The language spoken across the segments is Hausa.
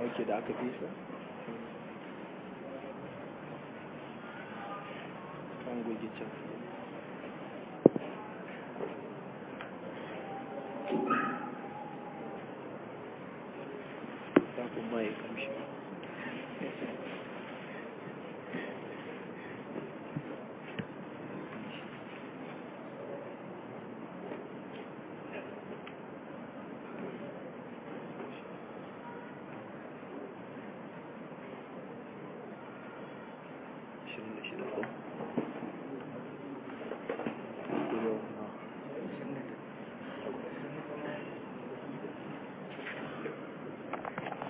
wake da aka fisa kan gogi can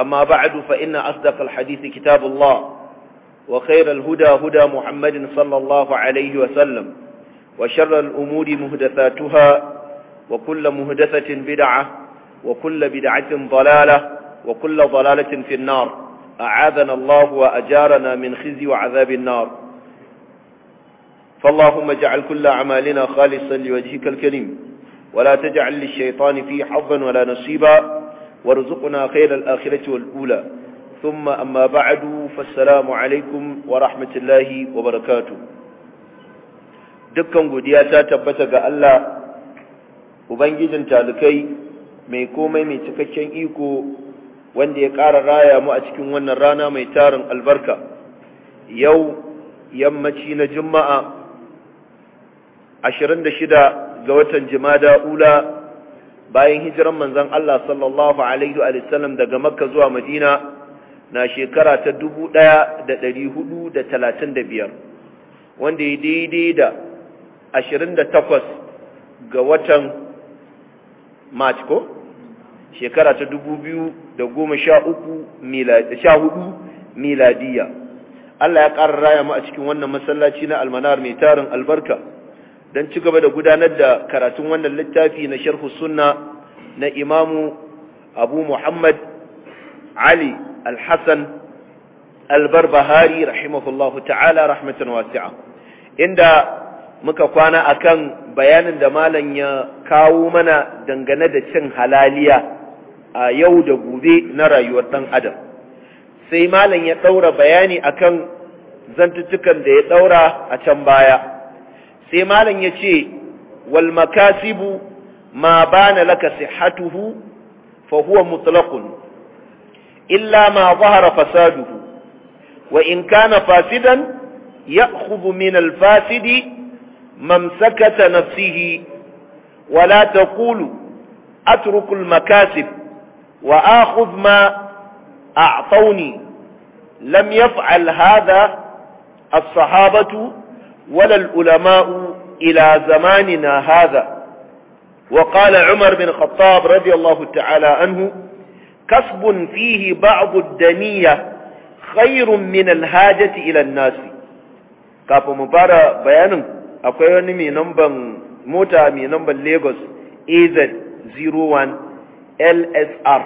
أما بعد فإن أصدق الحديث كتاب الله وخير الهدى هدى محمد صلى الله عليه وسلم وشر الأمور مهدثاتها وكل مهدثة بدعة وكل بدعة ضلالة وكل ضلالة في النار أعاذنا الله وأجارنا من خزي وعذاب النار فاللهم اجعل كل أعمالنا خالصا لوجهك الكريم ولا تجعل للشيطان فيه حظا ولا نصيبا وارزقنا خير الآخرة والأولى ثم أما بعد فالسلام wa ورحمة الله وبركاته dukkan godiya ta tabbata ga Allah ubangijin talikai mai komai mai cikakken iko wanda ya ƙara raya mu a cikin wannan rana mai tarin albarka yau yammaci na juma'a 26 ga watan jimada ula bayan hijiran manzan Allah sallallahu alaihi wa daga Makka zuwa Madina na shekara ta 1435 wanda ya daidai da 28 ga watan March ko shekara ta 2013 miladiya Allah ya ƙara raya mu a cikin wannan masallaci na almanar mai tarin albarka don ci gaba da gudanar da karatun wannan littafi na sharhu sunna na imamu abu muhammad ali alhassan albarbahari rahimahullahu ta'ala rahmatan wasi'a inda muka kwana akan bayanin da malam ya kawo mana dangane da cin halaliya a yau da gobe na rayuwar ɗan adam sai malam ya ɗaura bayani akan zantutukan da ya ɗaura a can baya sai malam ya ce wal makasibu ma bana laka sihatuhu fa huwa mutlaqun illa ma zahara fasaduhu wa in kana fasidan ya'khudhu min al fasidi mamsakata nafsihi ولا تقولوا أترك المكاسب وآخذ lam أعطوني لم يفعل هذا الصحابة ولا ulama'u إلى زماننا هذا وقال عمر بن الخطاب رضي الله تعالى عنه كسب فيه بعض الدنية خير من الحاجة إلى الناس kafin mu fara bayanin akwai wani mai namban mota mai namban lagos az01 lsr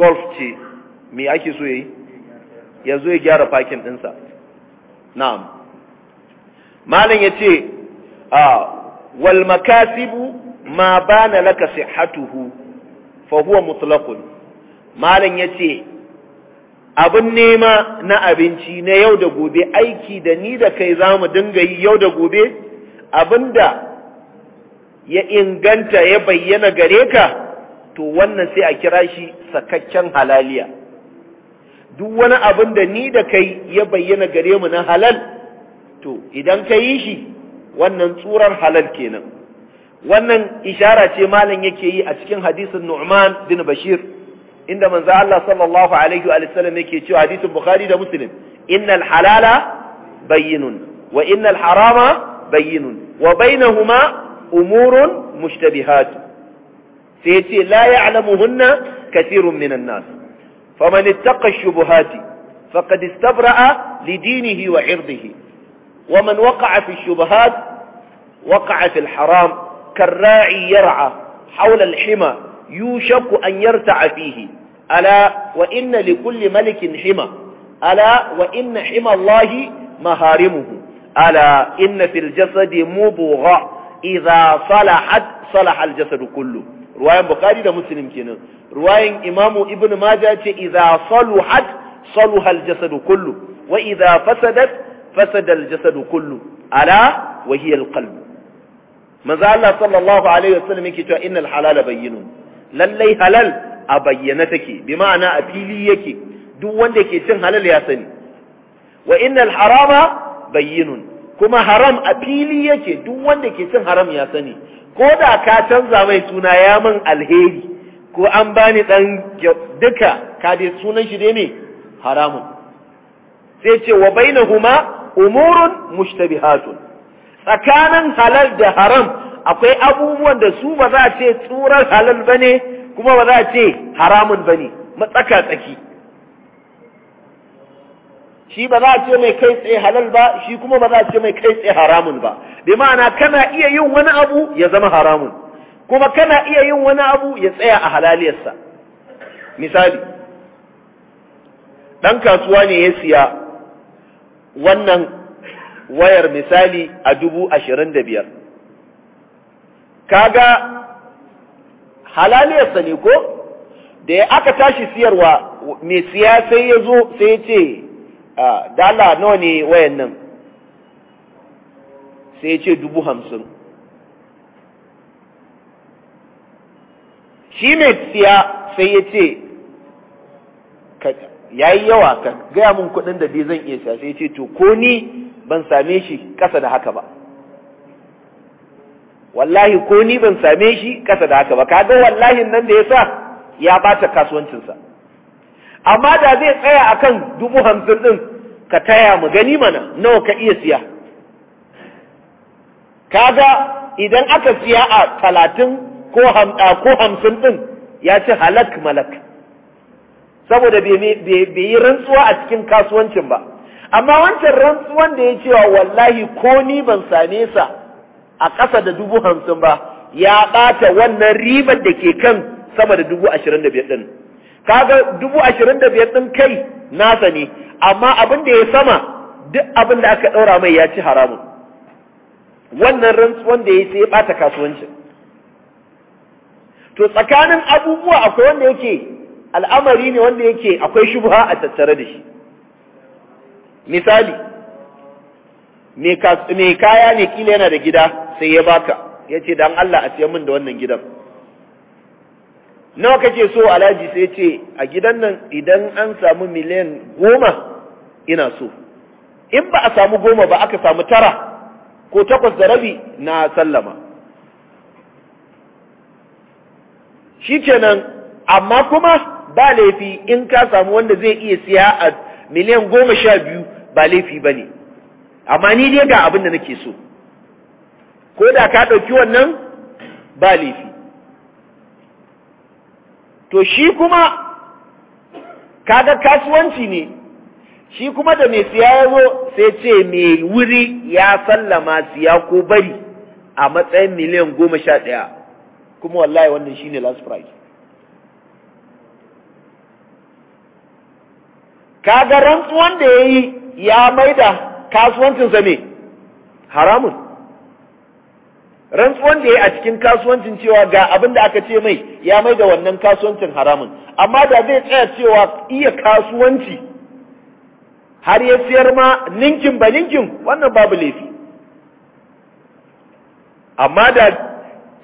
golf ce mai ake so yi Yanzu ya gyara fakin ɗinsa na'am malam ya ce wal makasibu ma bana laka sihatuhu fa huwa mutlaqun malam yace abin nema na abinci na yau da gobe aiki da ni da kai zamu dinga yi yau da gobe abinda ya inganta ya bayyana gare ka to wannan sai a kira shi sakakken halaliya duk wani abin da ni da kai ya bayyana gare mu na halal to idan ka yi shi wannan tsurar halal kenan wannan ishara ce malam yake yi a cikin hadisin Nu'man bin Bashir inda manzo Allah sallallahu alaihi wa sallam yake cewa hadisin Bukhari da Muslim innal halala bayyinun wa innal harama bayyinun wa bainahuma umurun mushtabihat sai yace la ya'lamuhunna kathirun minan nas faman ittaqa ash-shubuhati faqad istabra'a li dinihi wa 'irdihi ومن وقع في الشبهات وقع في الحرام كالراعي يرعى حول الحمى يوشك أن يرتع فيه ألا وإن لكل ملك حمى ألا وإن حمى الله مهارمه ألا إن في الجسد مبغى إذا صلحت صلح الجسد كله رواية بخاري ده مسلم كنا رواية إمام ابن ماجه إذا صلحت صلح الجسد كله وإذا فسدت fasada al-jasadu kullu ala wa hiya al Allah sallallahu alaihi wasallam yake cewa innal halala bayyinun lallai halal a bayyana take Bima'ana a fili yake duk wanda ke cin halal ya sani wa innal harama bayyinun kuma haram a fili yake duk wanda ke cin haram ya sani ko da ka canza mai suna ya min alheri ko an bani ɗan duka ka sunan shi dai ne haramun sai ce wa baina huma. umurun mushtabihatun tsakanin halal da haram akwai abubuwan da su ba za a ce tsurar halal bane kuma ba za a ce haramun bane matsaka tsaki shi ba za a ce mai kai tsaye halal ba shi kuma ba za a ce mai kai tsaye haramun ba bi ma'ana kana iya yin wani abu ya zama haramun kuma kana iya yin wani abu ya tsaya a halaliyarsa misali ɗan kasuwa ne ya siya wannan wayar misali a dubu ashirin da biyar kaga halaliyarsa ne ko da ya aka tashi siyarwa mai siya sai ya zo sai ya ce dala nawa ne wayan nan sai ya ce dubu hamsin shi mai siya sai ya ce Ya yi yawa ka gaya min kuɗin da dai zan iya siya sai ce to ko ni ban same shi ƙasa da haka ba wallahi ko ni ban same shi ƙasa da haka ba Ka ga wallahi nan da ya sa ya bata kasuwancinsa amma da zai tsaya akan dubu hamsin ɗin ka taya mu gani mana nawa ka iya siya Ka ga idan aka siya a talatin ko hamsin ɗin ya ci halak malak saboda bai yi rantsuwa a cikin kasuwancin ba amma wancan rantsuwan da ya cewa wallahi ko ni ban same sa a ƙasa da dubu hamsin ba ya ɓata wannan ribar da ke kan sama da dubu ashirin da biyar ɗin kaga dubu ashirin da biyar ɗin kai nasa ne amma abin da ya sama duk abin da aka ɗaura mai ya ci haramun wannan rantsuwan da ya sai ya ɓata kasuwancin to tsakanin abubuwa akwai wanda yake al'amari ne wanda yake akwai shubha a tattare da shi misali me kaya ne kila yana da gida sai ya baka ya ce dan Allah a siyan min da wannan gidan nawa kake so alhaji sai ce a gidan nan idan an samu miliyan goma ina so in ba a samu goma ba aka samu tara ko takwas da rabi na sallama Shi kenan amma kuma ba laifi in ka samu wanda zai iya siya a miliyan goma sha biyu ba laifi ba ne amma ni dai ga abin da nake so ko da ka ɗauki wannan ba laifi to shi kuma kaga kasuwanci ne shi kuma da mai siya ya zo sai ce mai wuri ya sallama siya ko bari a matsayin miliyan goma sha ɗaya kuma wallahi wannan shi ne last price kaga rantsuwan da ya yi ya maida kasuwancinsa ne haramun rantsuwan da ya yi a cikin kasuwancin cewa ga abin da aka ce mai ya maida wannan kasuwancin haramun amma da zai tsaya cewa iya kasuwanci har ya siyar ma ninkin ba ninkin wannan babu laifi amma da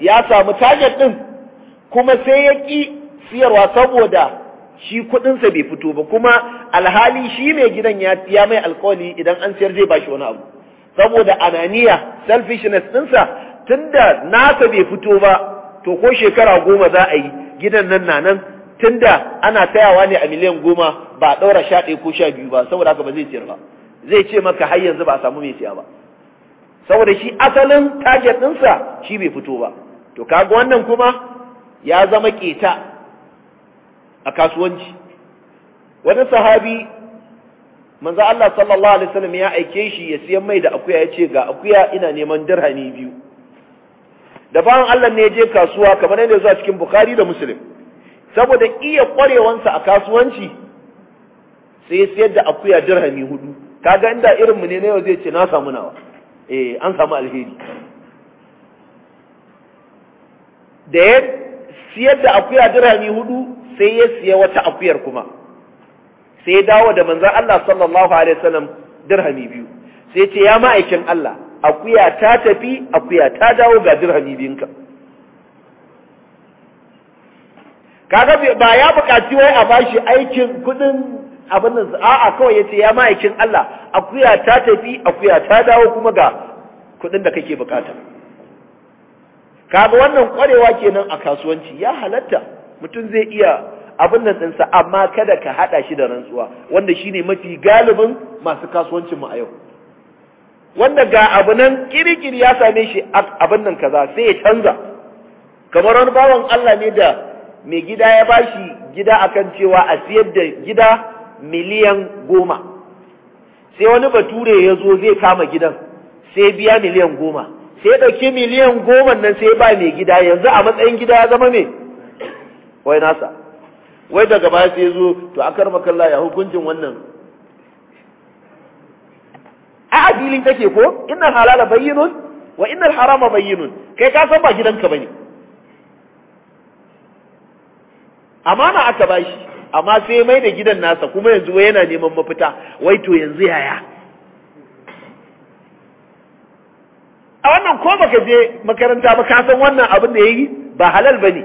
ya samu target din kuma sai ya ki siyarwa saboda shi kudinsa bai fito ba kuma alhali shi mai gidan ya mai alkawali idan an siyar zai bashi wani abu saboda ananiya selfishness ɗinsa tunda nasa bai fito ba to ko shekara goma za a yi gidan nan na nan tunda ana tayawa ne a miliyan goma ba a ɗaura sha ɗaya ko sha biyu ba saboda haka ba zai siyar ba zai ce maka har yanzu ba a samu mai siya ba saboda shi asalin target ɗinsa shi bai fito ba to kaga wannan kuma ya zama keta a kasuwanci wani sahabi manzo Allah sallallahu alaihi wasallam ya aike shi ya siyan mai da akuya ya ce ga akuya ina neman dirhami biyu da bayan Allah ne ya je kasuwa kamar yadda zuwa cikin Bukhari da Muslim saboda iya kwarewansa a kasuwanci sai ya siyar da akuya dirhami hudu kaga inda irin mu ne na yau zai ce na samu nawa eh an samu alheri da ya siyar da akuya dirhami hudu sai ya siya wata akuyar kuma sai dawo da manzon Allah sallallahu alaihi wasallam dirhami biyu sai ce ya ma'aikin Allah akuya ta tafi akuya ta dawo ga dirhami biyunka kaga ba ya buƙaci wai a bashi aikin kudin abin nan a'a kawai yace ya ma'aikin Allah akuya ta tafi akuya ta dawo kuma ga kudin da kake bukata kaga wannan kwarewa kenan a kasuwanci ya halatta mutum zai iya abin nan ɗinsa amma kada ka haɗa shi da rantsuwa wanda shine mafi galibin masu kasuwancin mu a yau wanda ga abu nan kirikiri ya same shi abin nan kaza sai ya canza kamar wani bawan Allah ne da mai gida ya bashi gida akan cewa a siyar da gida miliyan goma sai wani bature ya zo zai kama gidan sai biya miliyan goma sai ya ɗauki miliyan goma nan sai ba mai gida yanzu a matsayin gida ya zama mai wai nasa wai daga baya sai zo to a karma kalla ya hukuncin wannan a adilin take ko innal halala bayyinun wa innal harama bayyinun kai ka san ba gidanka bane amana aka bashi amma sai mai da gidan nasa kuma yanzu wai yana neman mafita wai to yanzu yaya a wannan ko baka je makaranta ba ka san wannan abin da yayi ba halal bane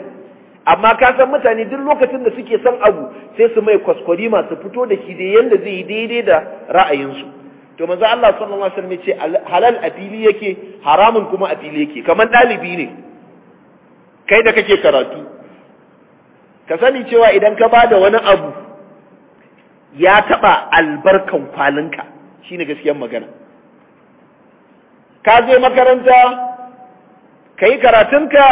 amma ka san mutane duk lokacin da suke son abu sai su mai kwaskwari masu fito da shi dai yanda zai yi daidai da ra'ayinsu to manzo Allah sallallahu alaihi wasallam ya ce halal a fili yake haramun kuma a fili yake kamar dalibi ne kai da kake karatu ka sani cewa idan ka bada wani abu ya taba albarkan kwalinka shine gaskiyar magana ka je makaranta kayi karatun karatunka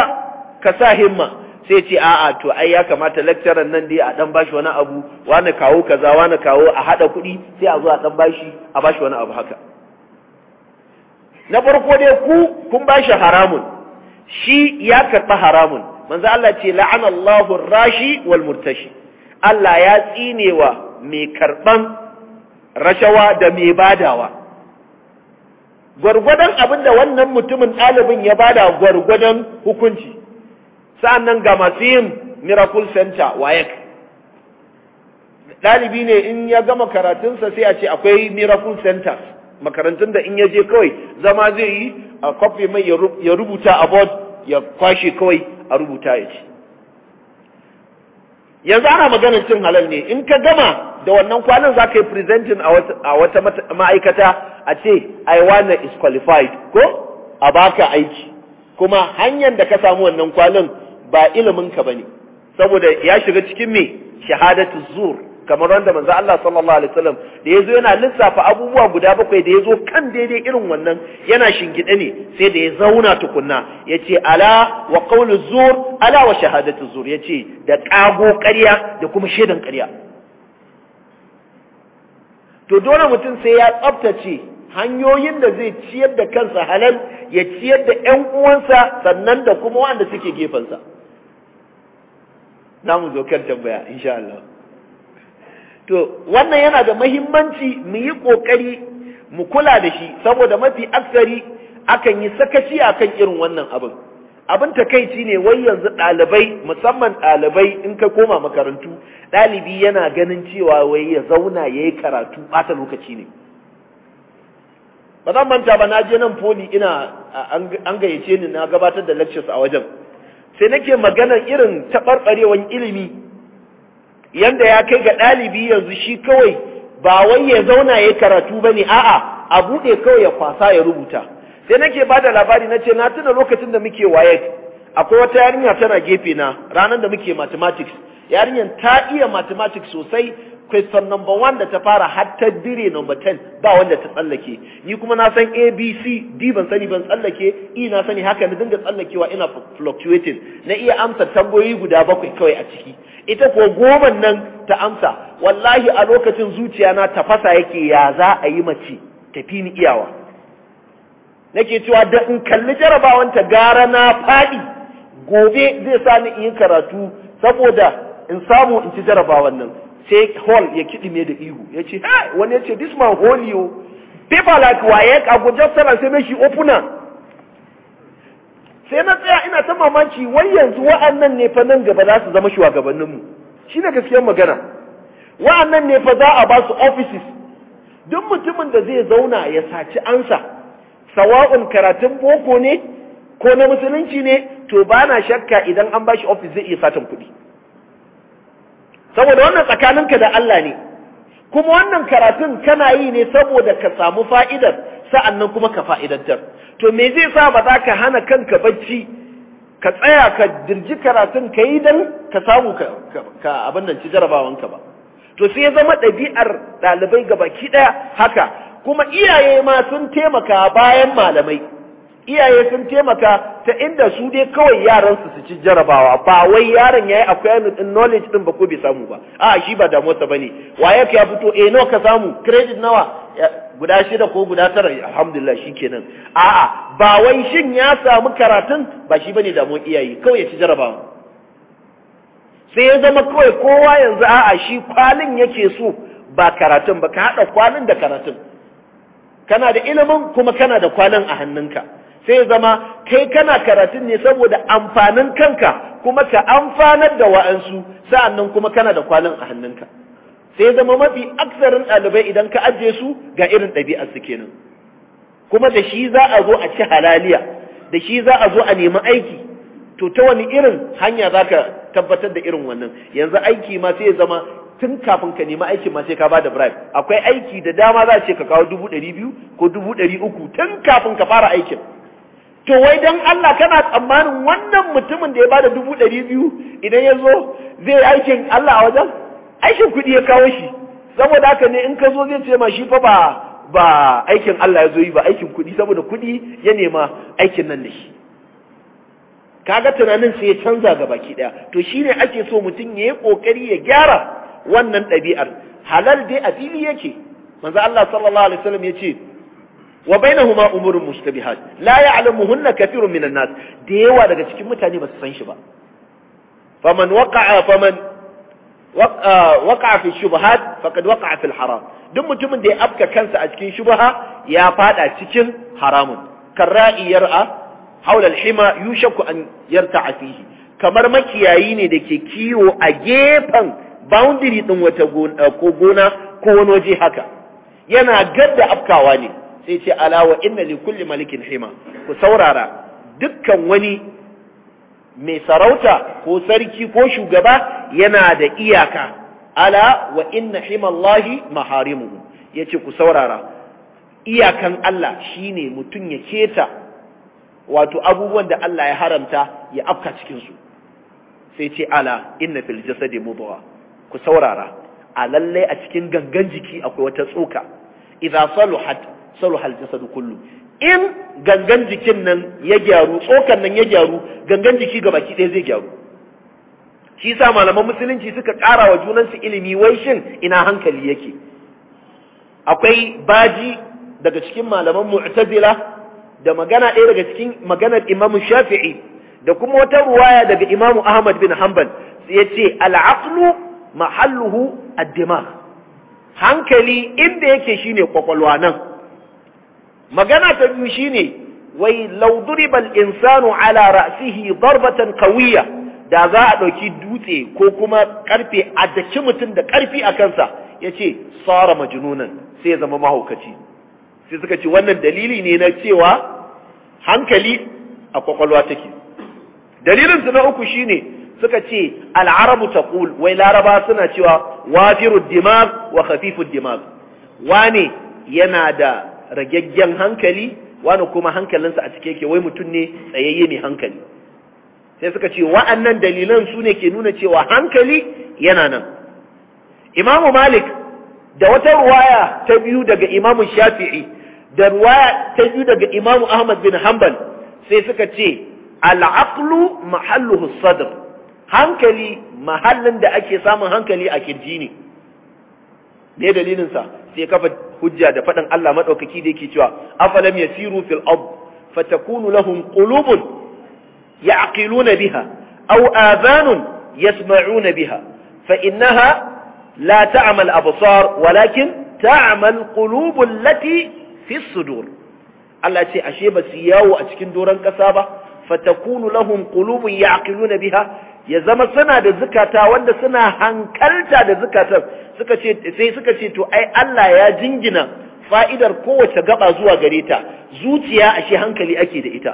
ka sa himma sai ce a'a to ai ya kamata lecturer nan dai a dan bashi wani abu wani kawo kaza wani kawo a hada kuɗi sai a zo a dan bashi a bashi wani abu haka na farko dai ku kun bashi haramun shi ya karɓi haramun manzo Allah ce la'anallahu rashi wal murtashi Allah ya tsinewa mai karban rashawa da mai badawa gwargwadon abin da wannan mutumin ɗalibin ya bada gwargwadon hukunci nan ga masu yin miracle center wayek ɗalibi ne in ya gama karatunsa sai a ce akwai miracle centers makarantun da in ya je kawai zama zai yi a kwafi mai ya rubuta a board ya kwashe kawai a rubuta ya ce yanzu ana maganar cin halal ne in ka gama da wannan kwanan za ka yi presenting a wata ma'aikata a ce i wanna is qualified ko a baka aiki kuma hanyar da ka samu wannan kwanan ba ilimin ka bane saboda ya shiga cikin me shahadatu zur kamar wanda manzo Allah sallallahu alaihi wasallam da yazo yana lissafa abubuwa guda bakwai da yazo kan daidai irin wannan yana shingide ne sai da ya zauna tukunna yace ala wa qawlu zur ala wa shahadatu zur yace da kago ƙarya da kuma shedan ƙarya to dole mutum sai ya tsaftace hanyoyin da zai ciyar da kansa halal ya ciyar da ƴan uwansa sannan da kuma wanda suke gefensa za mu zo kan tambaya insha Allah to wannan yana da muhimmanci mu yi kokari mu kula da shi saboda mafi aksari akan yi sakaci akan irin wannan abin abin takaici ne wai yanzu ɗalibai musamman ɗalibai in ka koma makarantu ɗalibi yana ganin cewa wai ya zauna ya yi karatu ɓata lokaci ne ba zan manta ba na je nan poli ina an gayyace ni na gabatar da lectures a wajen sai nake maganan irin taɓarɓarewan ilimi yanda ya kai ga ɗalibi yanzu shi kawai ba wai ya zauna ya karatu ba ne a'a a buɗe kawai ya kwasa ya rubuta sai nake bada labari na ce na tuna lokacin da muke waye akwai wata yarinya tana gefe na ranar da muke mathematics yarinyar ta iya mathematics sosai question number one da ta fara har ta dire number ten ba wanda ta tsallake ni kuma na san a b c d ban sani ban tsallake e na sani haka na dinga tsallakewa ina fluctuating na iya amsa tambayoyi guda bakwai kawai a ciki ita ko goma nan ta amsa wallahi a lokacin zuciya na tafasa yake ya za a yi mace tafi ni iyawa nake cewa da in kalli jarabawan ta gara na faɗi gobe zai sa ni in karatu saboda in samu in ci jarabawan nan sai hall ya kiɗi mai da ihu ya ce wani ya ce this man holy o people like wa a kago just seven sai shi opuna sai na tsaya ina ta mamaki wai yanzu wa'annan ne fa nan gaba za su zama mu shi ne gaskiyar magana wa'annan ne fa za a ba su offices duk mutumin da zai zauna ya saci ansa sawa'un karatun boko ne ko na musulunci ne to ba na shakka idan an ba shi office zai iya satan kuɗi saboda wannan tsakaninka da Allah ne kuma wannan karatun kana yi ne saboda ka samu fa'idar sa'annan kuma ka fa'idantar to me zai sa ba za ka hana kanka bacci ka tsaya ka dirji karatun ka yi don ka samu ka abin nan ci jarabawanka ba to sai ya zama ɗabi'ar ɗalibai gabaki ɗaya haka kuma iyaye ma sun taimaka bayan malamai iyaye sun taimaka ta inda su dai kawai yaran su su ci jarabawa ba wai yaron yayi akwai knowledge din ba ko bai samu ba a shi ba da motsa bane waye ka fito eh nawa ka samu credit nawa guda shida ko guda tara alhamdulillah shikenan a'a ba wai shin ya samu karatun ba shi bane da mu iyaye kawai ya ci jarabawa sai ya zama kawai kowa yanzu a'a shi kwalin yake so ba karatun ba ka hada kwalin da karatun kana da ilimin kuma kana da kwalin a hannunka sai zama kai kana karatun ne saboda amfanin kanka kuma ka amfanar da wa'ansu sa'annan kuma kana da kwanan a hannunka sai zama mafi aksarin ɗalibai idan ka ajiye su ga irin ɗabi'ar su kenan kuma da shi za a zo a ci halaliya da shi za a zo a nemi aiki to ta wani irin hanya za ka tabbatar da irin wannan yanzu aiki ma sai zama tun kafin ka nemi aikin ma sai ka bada bribe akwai aiki da dama za a ce ka kawo dubu ɗari biyu ko dubu ɗari uku tun kafin ka fara aikin to wai don Allah kana tsammanin wannan mutumin da ya bada dubu ɗari biyu idan ya zo zai aikin Allah a wajen aikin kuɗi ya kawo shi saboda haka ne in ka zo zai ce ma shi fa ba ba aikin Allah ya zo yi ba aikin kuɗi saboda kuɗi ya nema aikin nan da shi kaga tunanin sai ya canza ga baki ɗaya to shi ne ake so mutum ya yi ƙoƙari ya gyara wannan ɗabi'ar halal dai a fili yake manzo Allah sallallahu alaihi wasallam ya ce wa bainahuma umurun mushtabihat la ya'lamuhunna kathirun minan nas da yawa daga cikin mutane ba su san shi ba faman waqa'a faman waqa'a fi fil haram duk mutumin da ya afka kansa a cikin shubha ya faɗa cikin haramun karra'i yar'a haula al-hima yushaku an yarta'a fihi kamar makiyayi ne da ke kiwo a gefen boundary ɗin wata gona ko gona ko wani waje haka yana da afkawa ne sai ce ala wa inna li kulli malikin hima ku saurara dukkan wani mai sarauta ko sarki ko shugaba yana da iyaka ala wa inna himallahi maharimuhu yace ku saurara iyakan Allah shine mutum ya keta wato abubuwan da Allah ya haramta ya afka cikin su sai ce ala inna fil jasadi mudgha ku saurara a lalle a cikin gangan jiki akwai wata tsoka idza saluhat saluha al kullu in gangan jikin nan ya gyaru tsokan nan ya gyaru gangan jiki ga baki ɗaya zai gyaru shi sa malaman musulunci suka ƙara wa junansu ilimi wai shin ina hankali yake akwai baji daga cikin malaman mu'tazila da magana ɗaya daga cikin maganar imam shafi'i da kuma wata ruwaya daga imam ahmad bin hanbal ya ce al'aqlu mahalluhu ad-dimagh hankali inda yake shine kwakwalwa nan magana ta biyu shine wai law insanu ala ra'sihi darbatan qawiyya da za a dauki dutse ko kuma karfe a daki mutum da karfi a kansa yace sara majnunan sai ya zama mahaukaci sai suka ce wannan dalili ne na cewa hankali a kwakwalwa take dalilin su na uku shine suka ce al'arabu taqul wai laraba suna cewa wafirud dimag wa khafifud dimag wane yana da ragaggen hankali wani kuma hankalinsa a cike yake wai mutum ne tsayayye mai hankali sai suka ce wa'annan dalilan su ne ke nuna cewa hankali yana nan imamu malik da wata ruwaya ta biyu daga imamu shafi'i da ruwaya ta biyu daga imamu ahmad bin hanbal sai suka ce al'aqlu mahalluhu sadr hankali mahallin da ake samun hankali a kirji ne me dalilinsa sai kafa hujja da faɗin Allah maɗaukaki da yake cewa afalam yasiru fil ard fatakunu lahum qulubun ya'qiluna biha aw adhanun yasma'una biha fa innaha la ta'mal absar walakin ta'mal qulub allati fi sudur Allah ce ashe ba su yawo a cikin doran kasa ba fatakunu lahum qulubun ya'qiluna biha ya zama suna da zukata wanda suna hankalta da zukatan suka ce sai suka ce to ai Allah ya jingina fa'idar kowace gaba zuwa gare ta zuciya ashe hankali ake da ita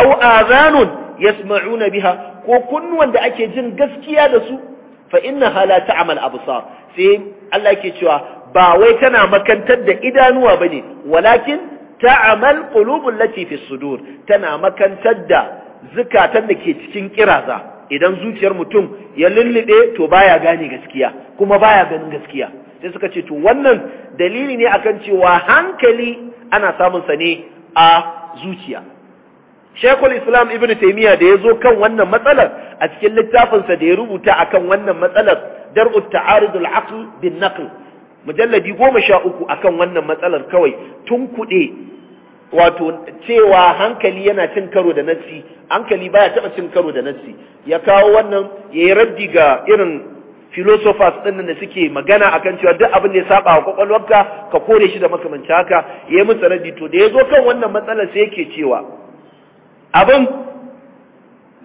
aw azanun yasma'una biha ko kunnuwan da ake jin gaskiya da su fa innaha la ta'mal absar sai Allah yake cewa ba wai tana makantar da idanuwa bane walakin ta'mal qulubul lati fi sudur tana makantar da zukatan da ke cikin kiraza idan zuciyar mutum ya lullube to baya gane gaskiya kuma baya ganin gaskiya sai suka ce to wannan dalili ne akan cewa hankali ana samun sa ne a zuciya Shekul Islam Ibn Taymiyyah da ya zo kan wannan matsalar a cikin littafinsa da ya rubuta akan wannan matsalar Dar'ut Ta'aridul Aql bin Naql mujalladi goma sha uku akan wannan matsalar kawai tun kude. wato cewa hankali yana cin karo da nassi hankali baya taba cin karo da nassi ya kawo wannan yayi raddi ga irin philosophers din da suke magana akan cewa duk abin da ya saba wa kwakwalwarka ka kore shi da makamanci haka yayi mutsa raddi to da yazo kan wannan matsalar sai yake cewa abin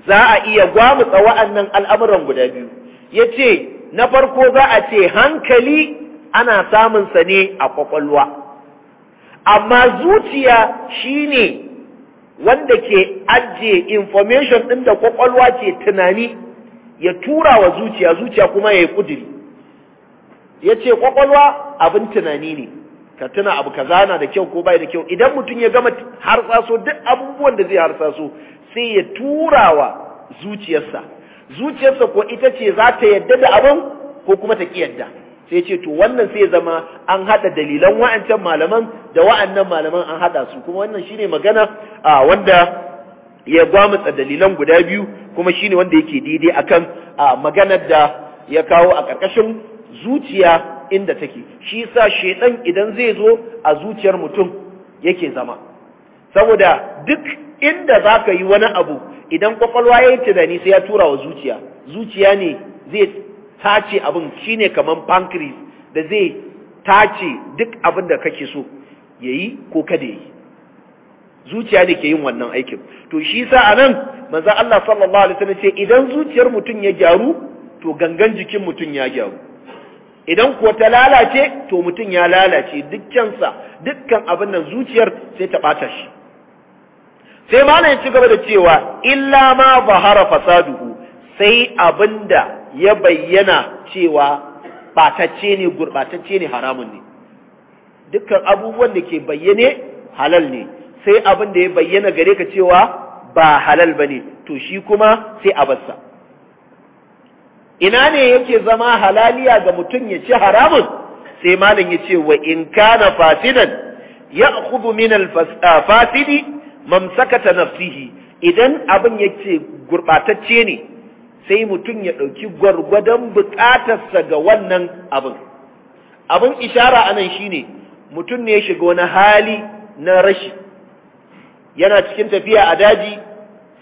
za a iya gwamutsa wa'annan al'amuran guda biyu yace na farko za a ce hankali ana samun sa ne a kwakwalwa amma zuciya shine wanda ke ajiye information ɗin da kwakwalwa ke tunani ya tura wa zuciya zuciya kuma ya yi ƙudiri ya ce kwakwalwa abin tunani ne ka tuna abu kaza na da kyau ko bai da kyau idan mutum ya gama harsaso duk abubuwan da zai harsaso sai ya tura wa zuciyarsa zuciyarsa ko ita ce za ta yadda da abin ko kuma ta ƙi yadda sai ce to wannan sai zama an hada dalilan wa'ancan malaman da wa'annan malaman an hada su kuma wannan shine magana a wanda ya gwamutsa dalilan guda biyu kuma shine wanda yake daidai akan maganar da ya kawo a ƙarƙashin zuciya inda take shi yasa shedan idan zai zo a zuciyar mutum yake zama saboda duk inda zaka yi wani abu idan kwakwalwa yayin tunani sai ya tura wa zuciya zuciya ne zai tace abin shine kaman pancreas da zai tace duk abin da kake so yayi ko kada yayi zuciya ne ke yin wannan aikin to shi sa anan manzo Allah sallallahu alaihi wasallam ce idan zuciyar mutum ya gyaru to gangan jikin mutum ya gyaru idan ko ta lalace to mutum ya lalace dukkansa dukkan abin nan zuciyar sai ta bata shi sai malam ya ci gaba da cewa illa ma zahara fasaduhu sai abinda ya bayyana cewa batacce ne gurbatacce ne haramun ne dukkan abubuwan da ke bayyane halal ne sai abin da ya bayyana gare ka cewa ba halal ba ne to shi kuma sai a ina ne yake zama halaliya ga mutum ya ci haramun sai malam ya ce wa in kana fasidan ya kudu minal fasidi mamsakata nafsihi idan abin yake gurbatacce ne sai mutum ya ɗauki gwargwadon buƙatarsa ga wannan abin abin ishara anan ne mutum ne ya shiga wani hali na rashi yana cikin tafiya a daji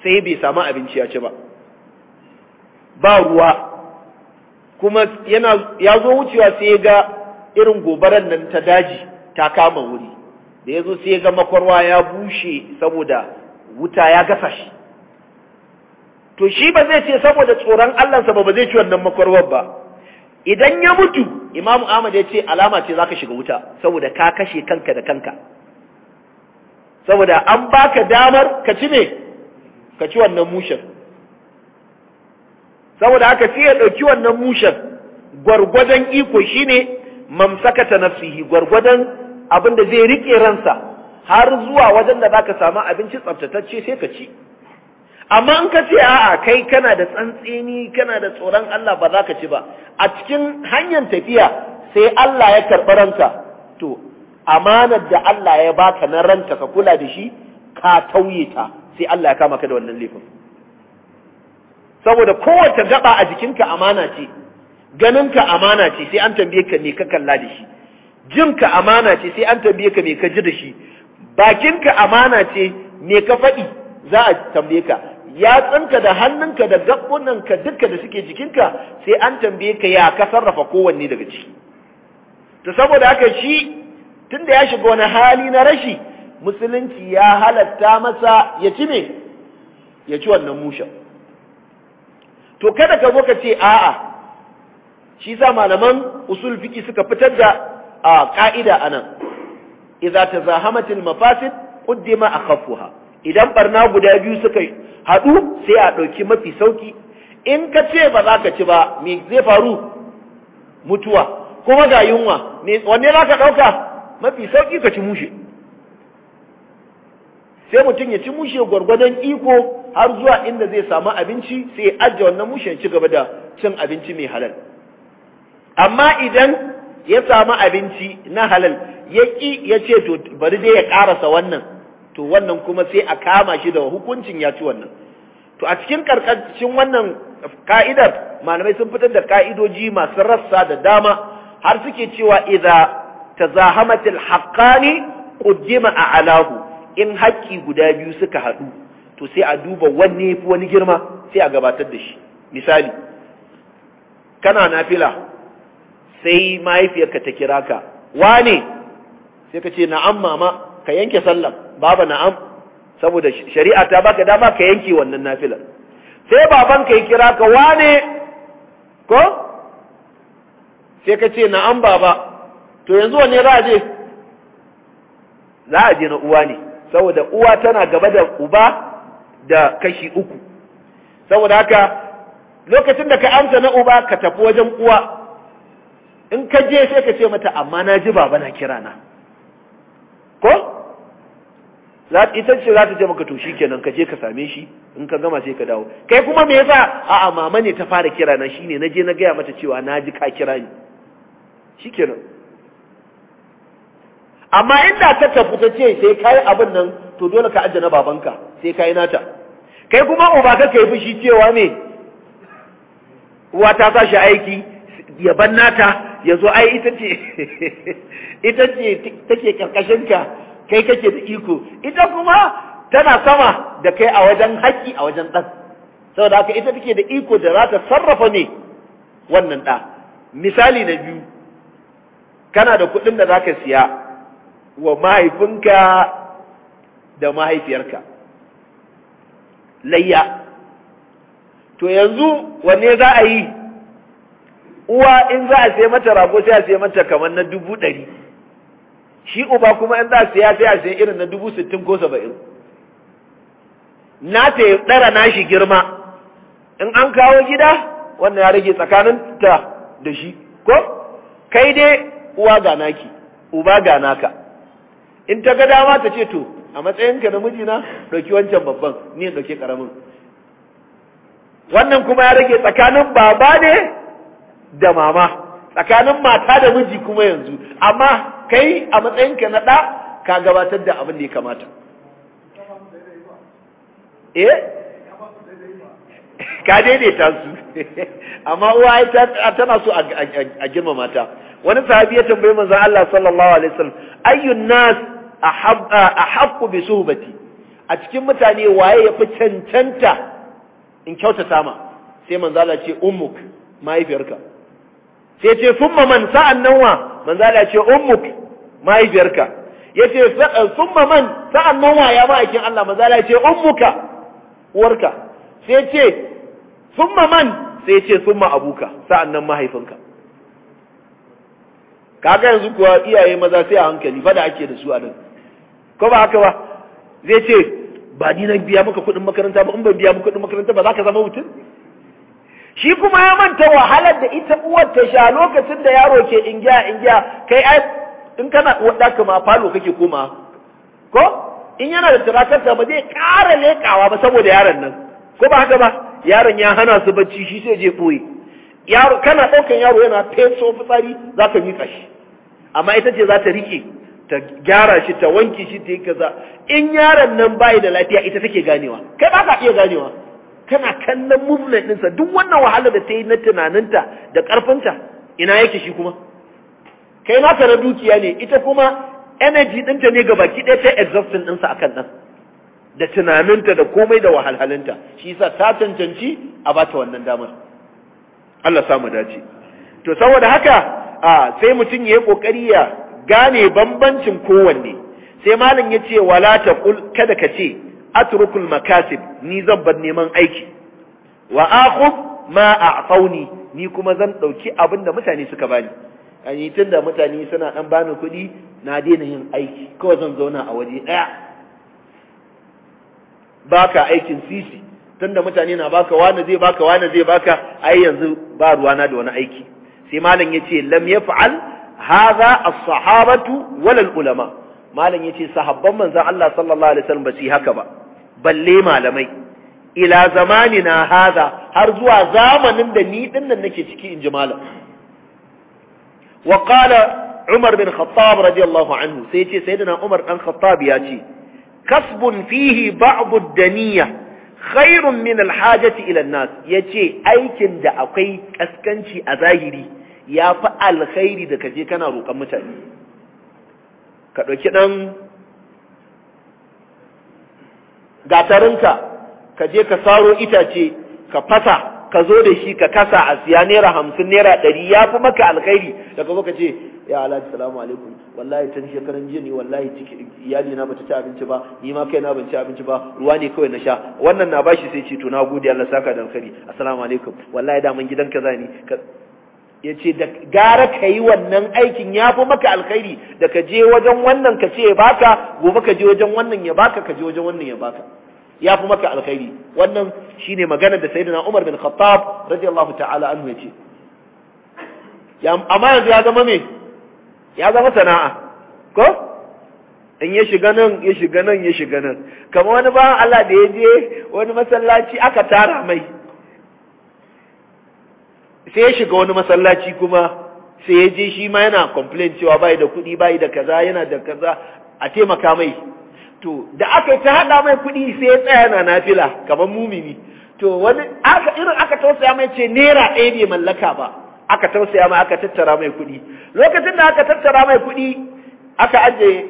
sai bai samu abinci ya ci ba ba ruwa kuma ya zo wucewa sai ya ga irin gobarar nan ta daji ta kama wuri da ya zo sai ya ga makwarwa ya bushe saboda wuta ya gasa shi to shi ba zai ce saboda tsoron Allahnsa ba ba zai ci wannan makwarwar ba idan ya mutu imamu Ahmad ya ce alama ce zaka shiga wuta saboda ka kashe kanka da kanka saboda an baka damar ka ci ne ka ci wannan mushen saboda haka sai ya dauki wannan mushen gwargwadon iko shine mamsakata nafsihi gwargwadon abin da zai rike ransa har zuwa wajen da zaka samu abinci tsaftatacce sai ka ci amma in ka ce a'a kai kana da tsantseni kana da tsoron Allah ba za ka ci ba a cikin hanyar tafiya sai Allah ya karɓi ranta to amanar da Allah ya baka na ranta ka kula da shi ka tauye ta sai Allah ya kama ka da wannan laifin saboda kowace gaba a jikinka amana ce ganinka amana ce sai an tambaye ka me ka kalla da shi jinka amana ce sai an tambaye ka me ka ji da shi bakinka amana ce me ka faɗi za a tambaye ka ya tsanka da hannunka da gabbunanka duka da suke jikinka sai an tambaye ka ya ka sarrafa kowanne daga ciki to saboda haka shi tunda ya shiga wani hali na rashi musulunci ya halatta masa ya ci me ya ci wannan musha to kada ka zo ka ce a'a shi sa malaman usul fiki suka fitar da a ka'ida anan idza tazahamatil mafasid a akhafuha idan barna guda biyu suka haɗu sai a ɗauki mafi sauki in ka ce ba za ka ci ba me zai faru mutuwa kuma ga yunwa wanne za ka ɗauka mafi sauki ka ci mushe sai mutum ya ci mushe gwargwadon iko har zuwa inda zai samu abinci sai ya ajiye wannan mushe ci gaba da cin abinci mai halal amma idan ya samu abinci na halal ya ƙi ya ce to bari dai ya ƙarasa wannan to wannan kuma sai a kama shi da hukuncin ya ci wannan to a cikin karkashin wannan ka'idar malamai sun fitar da ka'idoji masu rassa da dama har suke cewa idza tazahamatil haqqani a a'lahu in haƙƙi guda biyu suka haɗu to sai a duba wanne yafi wani girma sai a gabatar da shi misali kana nafila sai mahaifiyarka ta kira ka wane sai ka ce na'am mama ka yanke sallah baba na'am saboda shari'a ta baka dama ka yanke wannan nafilar sai baban ka ya kira ka wane ko sai ka ce na'am baba to yanzu wanne za a je za a je na uwa ne saboda uwa tana gaba da uba da kashi uku saboda haka lokacin da ka amsa na uba ka tafi wajen uwa in ka je sai ka ce mata amma na ji baba na kira na ko ita ce za ta ce maka to shikenan ka je ka same shi in ka gama sai ka dawo kai kuma me yasa a'a mama ne ta fara kira na shine na je na gaya mata cewa na ji ka kira ni shikenan amma inda ta tafi ta ce sai kai abin nan to dole ka na babanka sai kai nata kai kuma uba ka kai fushi cewa me uwa ta sa aiki ya ban nata ya ai ita ce ita ce take karkashin ka kai kake da iko ita kuma tana sama da kai a wajen haƙƙi a wajen ɗan saboda haka ita take da iko da za ta sarrafa ne wannan ɗa misali na biyu kana da kuɗin da za ka siya wa mahaifinka da mahaifiyarka layya to yanzu wanne za a yi uwa in za a sai mata rago sai a sai mata kamar na dubu ɗari shi uba kuma in za a siya sai a siya irin na dubu sittin ko saba'in na ta ɗara nashi girma in an kawo gida wannan ya rage tsakanin ta da shi ko kai dai uwa ga naki uba ga naka in ta ga dama ta ce to a matsayinka na mijina ɗauki wancan babban ni in ɗauki ƙaramin wannan kuma ya rage tsakanin baba ne da mama tsakanin mata da miji kuma yanzu amma kai a matsayinka na ɗa ka gabatar da abin da ya kamata eh ka daidaita su amma uwa tana so a girma mata wani sahabi ya tambaye manzon Allah sallallahu alaihi wasallam ayyun nas ahab bi suhbati a cikin mutane waye yafi cancanta in kyauta sama, sai manzon Allah ce ummuk mahaifiyarka sai ce summa man nan wa manzo Allah ce ummuk mahaifiyarka yace summa man sa'annan waya ma'aikin Allah manzo Allah ce ummuka uwarka sai yace summa man sai yace summa abuka sa'annan mahaifinka kaga yanzu kuwa iyaye maza sai a hankali fa da ake da su a nan ko ba haka ba zai ce ba ni na biya maka kuɗin makaranta ba in ban biya maka kuɗin makaranta ba za ka zama mutum shi kuma ya manta wahalar da ita uwar ta sha lokacin da yaro ke ingiya ingiya kai ai in kana uwar ɗaka ma falo kake koma ko in yana da turakarsa ba zai ƙara leƙawa ba saboda yaron nan ko ba haka ba yaron ya hana su bacci shi sai je ɓoye yaro kana ɗaukan yaro yana feso fitsari za ka miƙa shi amma ita ce za ta riƙe ta gyara shi ta wanke shi ta yi kaza in yaron nan bai da lafiya ita take ganewa kai ba ka iya ganewa tana kallon movement ɗinsa duk wannan wahala da ta yi na tunaninta da ƙarfinta ina yake shi kuma kai na tare dukiya ne ita kuma energy ɗinta ne ga baki ɗaya ta exhaustion ɗinsa a kan ɗan da tunaninta da komai da wahalhalinta shi yasa ta cancanci a bata wannan damar Allah samu dace to saboda haka a sai mutum ya yi kokari ya gane bambancin kowanne sai malam ya ce wala ta kul kada ka ce atrukul makasib ni zan bar neman aiki wa akhud ma a'tawni ni kuma zan dauki abinda mutane suka bani ani tunda mutane suna dan bani kuɗi na daina yin aiki kawai zan zauna a waje daya baka aikin sisi tunda mutane na baka wani zai baka wani zai baka ai yanzu ba ruwa na da wani aiki sai malam yace lam yaf'al hadha as-sahabatu wal ulama malam yace sahabban manzon Allah sallallahu alaihi wasallam ba su haka ba balle malamai ila zamanina haza har zuwa zamanin da ni din nan nake ciki inji malam wa qala umar bin khattab radiyallahu anhu sai ce sayyidina umar dan khattab ya ce kasbun fihi ba'd ad khairun min al-hajati ila an-nas yace aikin da akwai kaskanci a zahiri yafi alkhairi da kaje kana roƙon mutane ka dauki dan gatarinka ka je ka saro itace ka fasa ka zo da shi ka kasa a siya naira hamsin naira ɗari ya fi maka alkhairi da ka zo ka ce ya alhaji salamu alaikum wallahi tun shekaran jiya ne wallahi ciki iyali na bata ci abinci ba ni ma kai na ban ci abinci ba ruwa ne kawai na sha wannan na bashi sai ce to na gode Allah saka da alkhairi assalamu alaikum wallahi da mun gidan kaza ne ya ce da gara ka yi wannan aikin ya fi maka alkhairi da ka je wajen wannan ka ce ya baka gobe ka je wajen wannan ya baka ka je wajen wannan ya baka ya fi maka alkhairi wannan shine magana da sayyidina Umar bin Khattab radiyallahu ta'ala anhu ya ce amma yanzu ya zama me ya zama sana'a ko in ya shiga nan ya shiga nan ya shiga nan kamar wani ba Allah da ya je wani masallaci aka tara mai sai ya shiga wani masallaci kuma sai ya je shi ma yana complain cewa bai da kuɗi bai da kaza yana da kaza a taimaka mai to da aka ta hada mai kuɗi sai ya tsaya na nafila kamar mumini to wani aka irin aka tausaya mai ce naira ɗaya bai mallaka ba aka tausaya mai aka tattara mai kuɗi lokacin da aka tattara mai kuɗi aka ajiye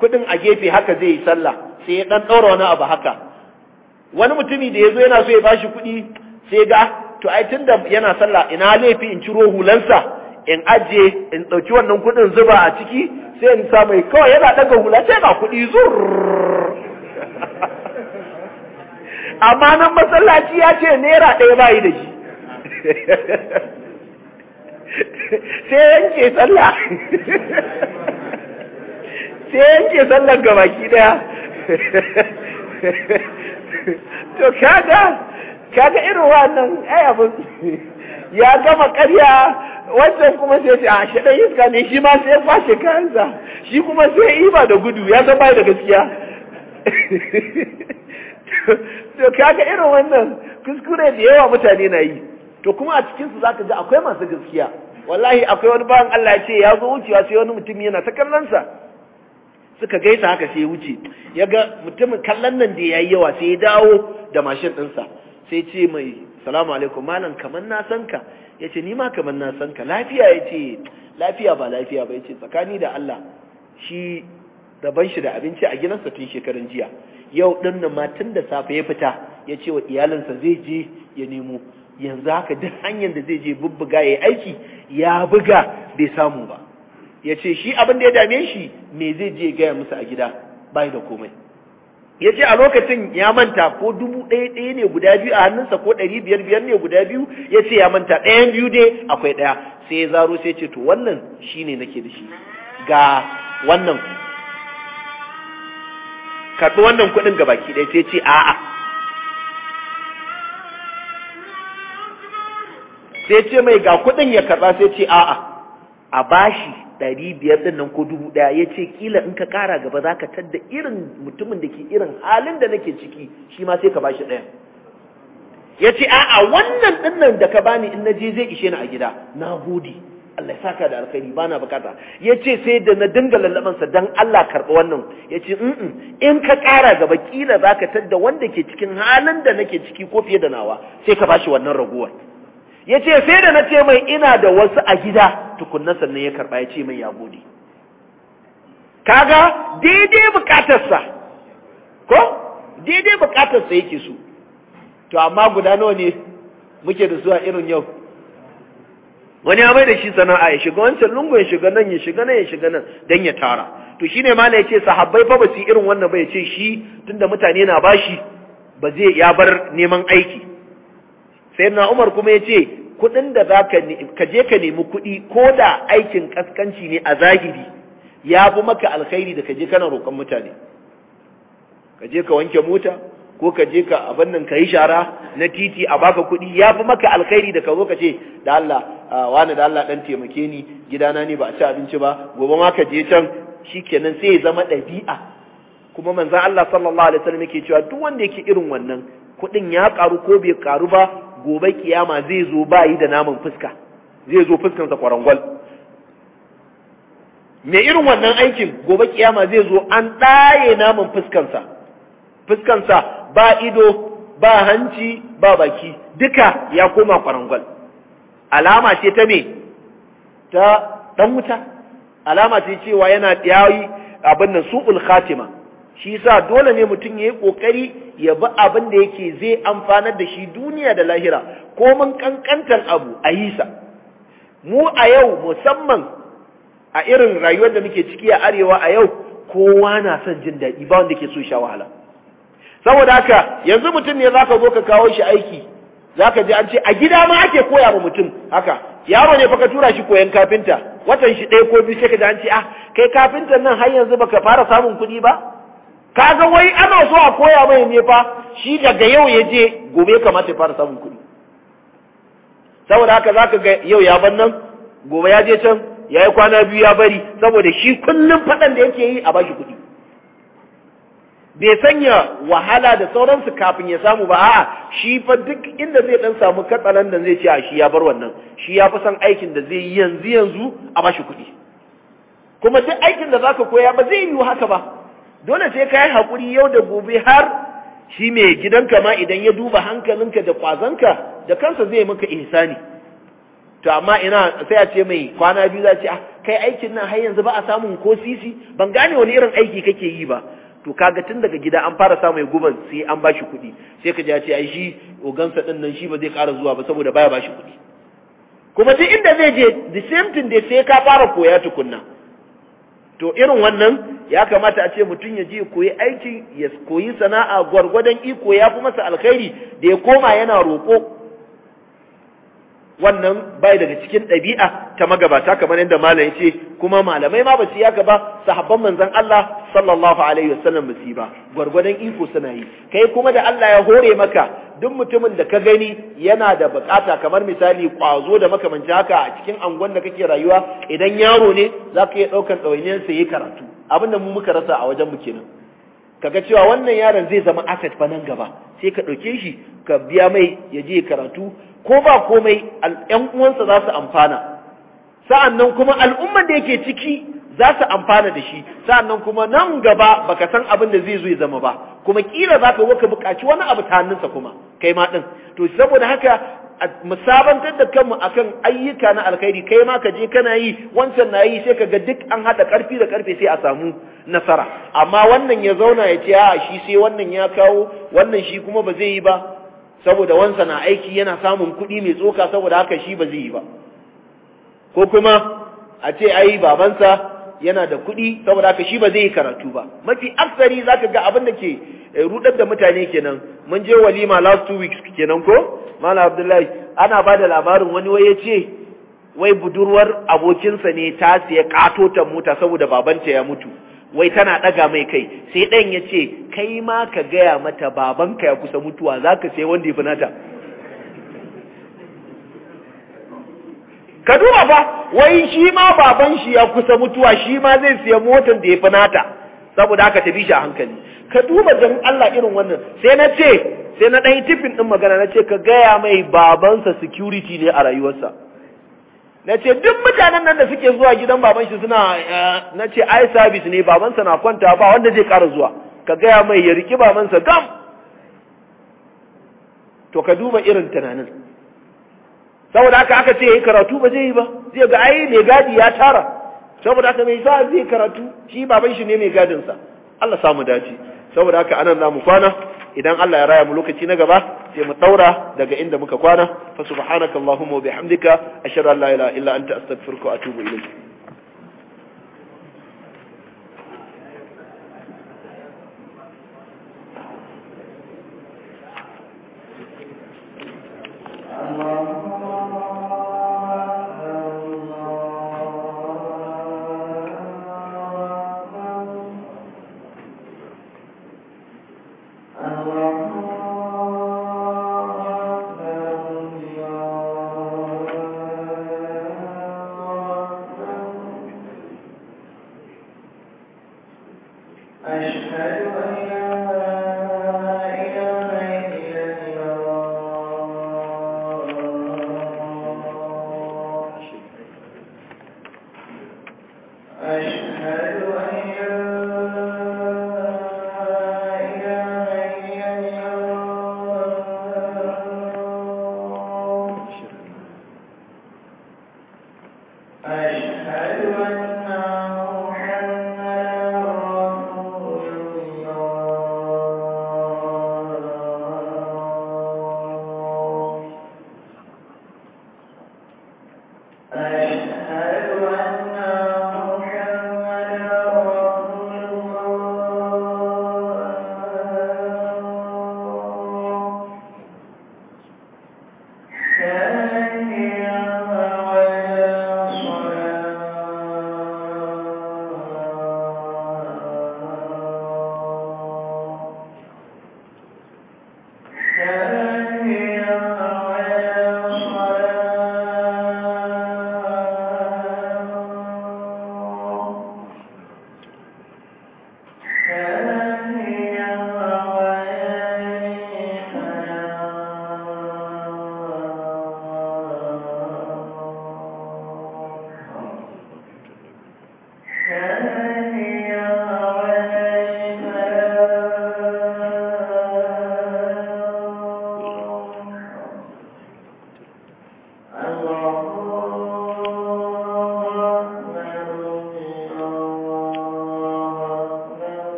kuɗin a gefe haka zai yi sallah sai ya ɗan ɗaura wani abu haka wani mutumi da ya zo yana so ya bashi kuɗi sai ga to ai tunda yana sallah ina laifi in ciro hulansa in ajiye, in dauki wannan kuɗin zuba a ciki sai in sa mai kawai yana ɗaga hula sai ga kuɗi zur amma nan masallaci ya ce naira ɗaya bayi da shi sai yanke sallah sai yanke sallar gabaki daya to kaga kaga irin wannan ai abin ya gama karya wancan kuma sai ce a ah, shaɗan iska ne shi ma sai fashe kayansa shi kuma sai iba da gudu ya san bai da gaskiya to kaga irin wannan kuskure da yawa mutane na yi to kuma a cikinsu zaka ji akwai masu gaskiya wallahi akwai wani bawan Allah ya ce ya zo wucewa sai wani mutum yana ta kallonsa suka gaisa haka sai ya wuce ya ga mutumin kallon nan da yayi yawa sai ya dawo da mashin ɗinsa sai ce mai salamu alaikum malam kaman na san ka yace ni ma kaman na san ka lafiya ya ce. lafiya ba lafiya ba Ya ce tsakani da Allah shi daban shi da abinci a gidansa tun shekarun jiya yau ɗin nan da safe ya fita ya ce wa iyalinsa zai je ya nemo yanzu haka duk hanyar da zai je bubbuga yayi aiki ya buga bai samu ba Ya ce shi abin da ya dame shi me zai je gaya musu a gida bai da komai ya ce a lokacin ya manta ko dubu ɗaya ɗaya ne guda biyu a hannunsa ko ɗari biyar biyar ne guda biyu ya ce ya manta ɗayan biyu dai akwai ɗaya sai ya zaro sai ce to wannan shi ne nake da shi ga wannan karɓi wannan kuɗin ga baki ɗaya sai ce a'a sai ce mai ga kuɗin ya karɓa sai ce a'a a bashi ɗari biyar ɗin nan ko dubu ɗaya ya ce ƙila in ka ƙara gaba za ka tadda irin mutumin da ke irin halin da nake ciki shi ma sai ka bashi ɗayan ya ce a'a wannan ɗin nan da ka bani in na je zai ishe ni a gida na gode Allah ya saka da alkhairi ba na bukata ya ce sai da na dinga lallabansa don Allah karɓi wannan ya ce in ka ƙara gaba ƙila za ka tadda wanda ke cikin halin da nake ciki ko fiye da nawa sai ka bashi wannan raguwar yace ce sai da na ce mai ina da wasu a gida tukunna sannan ya karɓa ya ce mai ya gode kaga daidai bukatarsa ko daidai bukatarsa yake so to amma guda nawa ne muke da su irin yau wani ya mai da shi sana'a ya shiga wancan lungu ya shiga nan ya shiga nan ya shiga nan dan ya tara to shine mala yace sahabbai fa ba su irin wannan ba yace shi tunda mutane na bashi ba zai ya bar neman aiki sai na umar kuma ya ce kuɗin da za ka je ka nemi kuɗi ko da aikin kaskanci ne a zahiri ya fi maka alkhairi da ka je kana roƙon mutane ka je ka wanke mota ko ka je ka abin nan ka yi shara na titi a baka kuɗi ya fi maka alkhairi da ka zo ka ce da Allah wani da Allah ɗan taimake ni gidana ne ba a ci abinci ba gobe ma ka je can shikenan sai ya zama ɗabi'a kuma manzon Allah sallallahu alaihi wasallam yake cewa duk wanda yake irin wannan kuɗin ya karu ko bai karu ba gobe kiyama zai zo bayi da namun fuska zai zo fuskansa kwarangwal me irin wannan aikin gobe kiyama zai zo an ɗaye namun fuskansa fuskansa ba ido ba hanci ba baki duka ya koma kwarangwal alama ce ta me ta dan wuta alama ce cewa yana tiyayi abin nan su'ul khatima shi sa dole ne mutum ya yi ƙoƙari ya bi abin da yake zai amfanar da shi duniya da lahira ko mun kankantar abu a yi mu a yau musamman a irin rayuwar da muke ciki a arewa a yau kowa na son jin daɗi ba wanda ke so sha wahala saboda haka yanzu mutum ne zaka zo ka kawo shi aiki zaka je an ce a gida ma ake koya ma mutum haka yaro ne fa ka tura shi koyan kafinta watan shi ɗaya ko biyu sai ka ji an ce ah kai kafintan nan har yanzu baka fara samun kuɗi ba kaga wai ana so a koya mai ne fa shi daga yau ya je gobe kamata ya fara samun kuɗi saboda haka zaka ga yau ya ban nan gobe ya je can ya yi kwana biyu ya bari saboda shi kullum faɗan da yake yi a bashi kuɗi bai sanya wahala da sauransu kafin ya samu ba a'a shi fa duk inda zai dan samu katsalan da zai ce a shi ya bar wannan shi ya fi san aikin da zai yi yanzu yanzu a bashi kuɗi kuma duk aikin da zaka koya ba zai yi haka ba dole sai ka yi haƙuri yau da gobe har shi mai gidanka ma idan ya duba hankalinka da kwazanka da kansa zai maka ihsani to amma ina sai a ce mai kwana biyu za ce ah, kai aikin nan har yanzu ba a samun ko sisi ban gane wani irin aiki kake yi ba to kaga tun daga gida an fara sa mai guban sai an ba shi kuɗi sai ka ja ce ai shi ogansa ɗin nan shi ba zai ƙara zuwa ba saboda baya bashi kuɗi kuma duk inda zai je the same thing dai sai ka fara koya tukunna to irin wannan ya kamata a ce mutum ya je koyi aiki ya koyi sana'a gwargwadon iko ya fi masa alkhairi da ya koma yana roƙo wannan bai daga cikin ɗabi'a ta magabata kamar yadda malam ce, kuma malamai ma ba su yaka ba sahabban manzon Allah sallallahu alaihi wasallam ba su ba gwargwadon iko suna yi kai kuma da Allah ya hore maka duk mutumin da ka gani yana da bukata kamar misali kwazo da makamanci haka a cikin angon da kake rayuwa idan yaro ne zaka iya daukan ɗawainiyar sa yi karatu abinda mu muka rasa a wajen mu kenan kaga cewa wannan yaron zai zama asset fa nan gaba sai ka ɗauke shi ka biya mai ya je karatu ko ba komai yan uwansa za su amfana sa'annan kuma al'umman da yake ciki za su amfana da shi sa'annan kuma nan gaba baka san abin da zai zo ya zama ba kuma kila za ka ka buƙaci wani abu ta hannunsa kuma kai ma ɗin to saboda haka mu sabantar da kanmu akan ayyuka na alkhairi kai ma ka je kana yi wancan na yi sai ka ga duk an haɗa ƙarfi da ƙarfe sai a samu nasara amma wannan ya zauna ya ce a shi sai wannan ya kawo wannan shi kuma ba zai yi ba saboda wansa na aiki yana samun kuɗi mai tsoka saboda haka shi ba zai yi ba ko kuma a ce ai babansa yana da kuɗi saboda haka shi ba zai yi karatu ba mafi aksari za ka ga abin da ke eh, rudar da mutane kenan mun je walima last two weeks kenan ko malam abdullahi ana ba da labarin wani waye ce wai budurwar abokinsa ne ta siya ta mota saboda babanta ya mutu wai tana ɗaga mai kai sai ɗan ya ce kai ma ka gaya mata babanka ya kusa mutuwa za ka sai wanda ya fi ka duba ba wai shi ma baban shi ya kusa mutuwa shi ma zai siya motar da ya fi nata saboda haka ta bi shi a hankali ka duba don Allah irin wannan sai na ce sai na ɗan tifin ɗin magana na ce ka gaya mai babansa security ne a rayuwarsa na ce duk mutanen nan da suke zuwa gidan baban shi suna eh, na ce ai service ne babansa na kwanta ba wanda zai ƙara zuwa ka gaya mai ya riki babansa gam to ka duba irin tunanin saboda haka aka ce yayi karatu ba zai yi ba zai ga ai mai gadi ya tara saboda haka mai sa zai karatu shi baban shi ne mai gadinsa Allah samu dace saboda haka anan zamu kwana idan Allah ya raya mu lokaci na gaba sai mu daura daga inda muka kwana fa subhanaka allahumma wa bihamdika ashhadu an la ilaha illa anta astaghfiruka wa atubu ilayk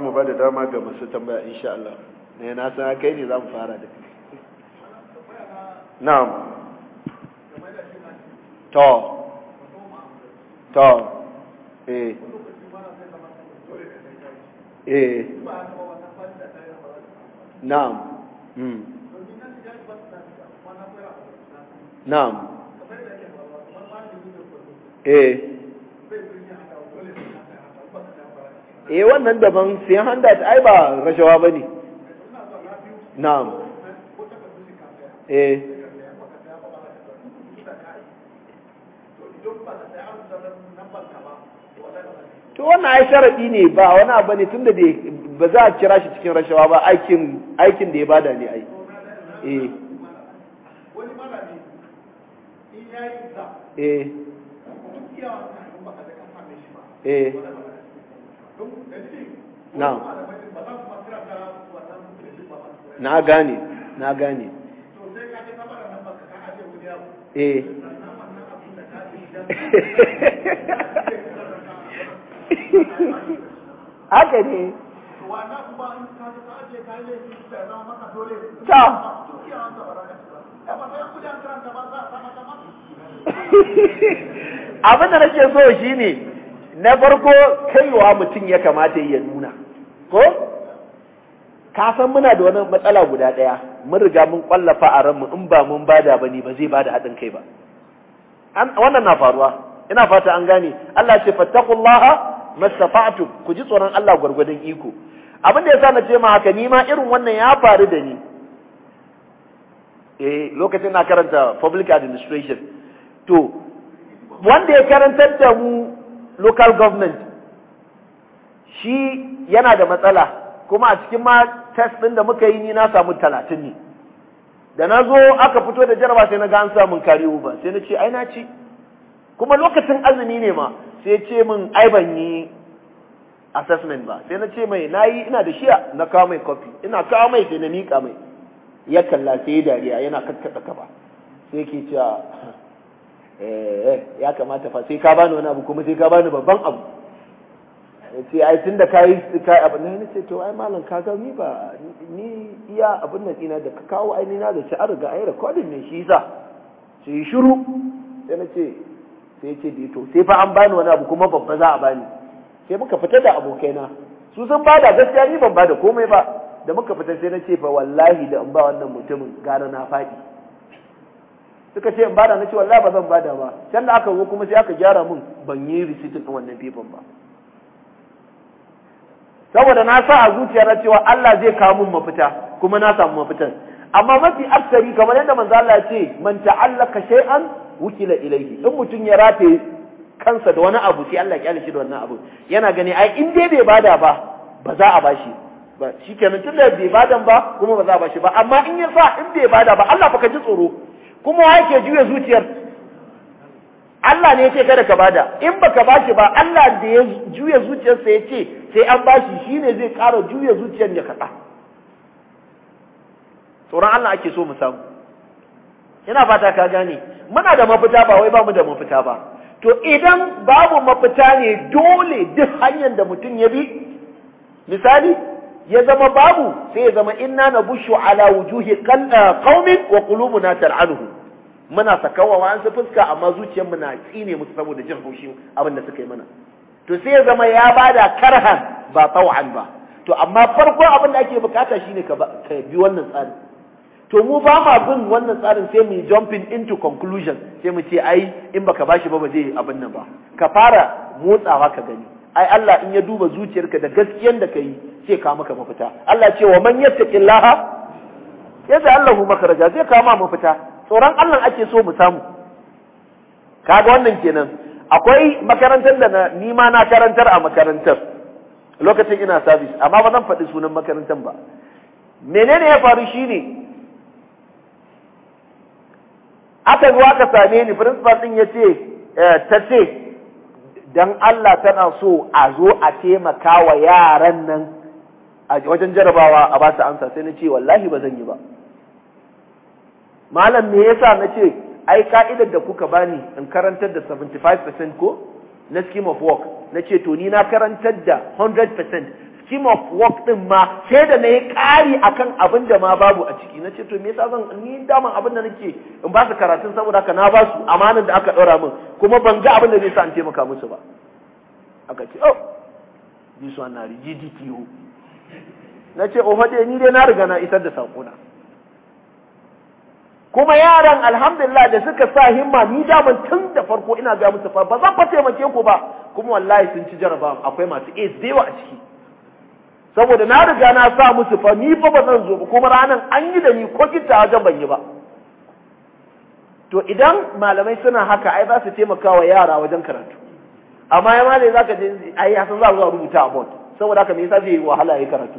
mu ba da dama ga masu tambaya insha Allah ne eh, na san kai ne za mu fara da na'am to to eh eh na'am mm na'am eh eh wannan daban sayan handa ta ai ba rashawa ba ne na'am eh to wannan ai sharadi ne ba wani abu ne tunda da ba za a kira shi cikin rashawa ba aikin aikin da ya bada ne ai eh wani malami in yayi sa eh eh na gane na gane eh haka ne ta abin da nake so ne na farko kaiwa mutum ya kamata ya nuna ko ka san muna da wani matsala guda ɗaya mun riga mun kwallafa a ranmu in ba mun bada ba ne ba zai bada haɗin kai ba wannan na faruwa ina fata an gane Allah ce fattaqullaha mastafatu ku ji tsoron Allah gwargwadon iko abin da yasa na ce ma haka ni ma irin wannan ya faru da ni eh lokacin na karanta public administration to wanda ya karantar da mu local government shi yana da matsala kuma a cikin ma test ɗin da muka yi ni na samu talatin ne da na zo aka fito da jaraba sai na ga an samun kariwo ba sai na ce ai na ci kuma lokacin azumi ne ma sai ce min ai ban yi assessment ba sai na ce mai na yi ina da shiya na kawo mai kofi ina kawo mai sai na miƙa mai ya kalla sai dariya yana kakkaɗa kaba sai ke cewa Eh, eh, ya kamata fa sai ka bani wani abu kuma sai ka bani babban abu ce ai tunda kai kayi kai abu ne ce to ai malam ka ga ni ba ni iya abun nan ina da ka kawo ai ni na da ci an riga ai recording ne shi sa sai yi shiru sai na ce sai ce dai to sai fa an bani wani abu kuma babba za a bani sai muka fita da abokaina su sun bada gaskiya ni ban bada komai ba da muka fita sai na ce fa wallahi da in ba wannan mutumin gara na faɗi suka ce in bada na ce wallahi ba zan bada ba can da aka zo kuma sai aka gyara mun ban yi risitin din wannan fifan ba saboda na sa a zuciya na cewa Allah zai kawo mun mafita kuma na samu mafitan amma mafi aksari kamar yadda manzo Allah ya ce man ta'allaka shay'an wukila ilayhi in mutum ya rafe kansa da wani abu sai Allah ya kyale shi da wannan abu yana gani ai in dai bai bada ba ba za a bashi ba shikenan tunda bai bada ba kuma ba za a bashi ba amma in ya sa in bai bada ba Allah fa ka ji tsoro kuma wa ke juya zuciyar Allah ne ya kada ka bada in baka bashi ba Allah da ya juya zuciyarsa ya ce sai an bashi shine zai ƙara juya zuciyar ya kaɗa tsoron Allah ake so mu samu ina fata ka gane muna da mafita ba wai bamu da mafita ba to idan babu mafita ne dole duk hanyar da mutum ya bi misali ya zama babu sai ya zama inna na bushu ala wujuhi eh, qaumin wa qulubuna tal'anuhu muna sakawa wa an su fuska amma zuciyar mu na tsine musu saboda jin haushi abin da suka yi mana to sai ya zama ya bada karhan ba taw'an ba to amma farko abin da ake bukata shine ka bi wannan tsarin to mu ba ma bin wannan tsarin sai mu jumping into conclusion sai mu ce ai in baka bashi ba ba zai abin nan ba ka fara motsawa ka gani ai Allah in ya duba zuciyarka da gaskiyar da kai zai kawo maka mafita Allah ce wa man yattaqillaha yaj'al lahu makhraja zai kawo ma mafita tsoron Allah ake so mu samu kaga wannan kenan akwai makarantar da na ni ma na karantar a makarantar lokacin ina service amma ba zan faɗi sunan makarantar ba menene ya faru shine aka zo aka same ni principal din yace eh, ta ce dan Allah tana so a zo a taimaka wa yaran nan a wajen jarabawa a ba su amsa sai na ce wallahi ba zan yi ba malam me yasa na ce ai ka'idar da kuka bani in karantar da 75% ko na scheme of work na ce to ni na karantar da 100% scheme of work din ma sai da na yi ƙari kan abin da ma babu a ciki na ce to me yasa zan ni daman abin da nake in ba su karatun saboda haka na ba su amanin da aka ɗora min kuma ban ga abin da zai sa in taimaka musu ba aka ce oh this one na rigidity na ce oho ni dai na riga na isar da na. kuma yaran alhamdulillah da suka sa himma ni daman tun da farko ina ga musu fa ba zan fa taimake ku ba kuma wallahi sun ci jaraba akwai masu ace da yawa a ciki saboda na riga na sa musu fa ni fa ba zan zo ba kuma ranan an yi da ni ko kitta ga ban yi ba to idan malamai suna haka ai za su taimaka wa yara wajen karatu amma yamma ne za zaka je ai ya za a rubuta a board saboda haka me yasa zai yi wahala ya karatu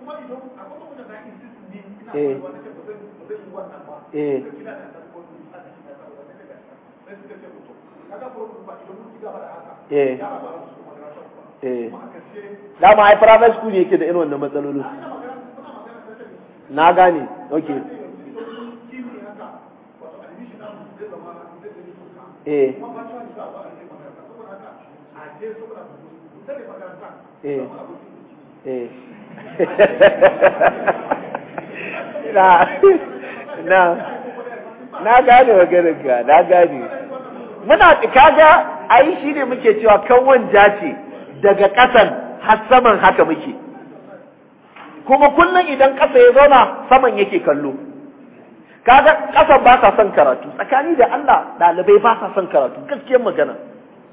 kuma idan akwai wanda na insist ne ina da eh. wani ce ba zai yi wannan ba eh kina da ta ko ni ta sai suka ce kaga ba idan mun da haka ya eh. ba su eh. kuma ba dama ai private school yake da irin wannan matsalolin na gane eh Eh. na na na gane ka na gane muna kaga ayi shi ne muke cewa kawon jace daga ƙasan har saman haka muke kuma kullum idan ƙasa ya zauna saman yake kallo kaga ƙasan ba sa son karatu tsakani da Allah ɗalibai ba sa son karatu gaskiyar magana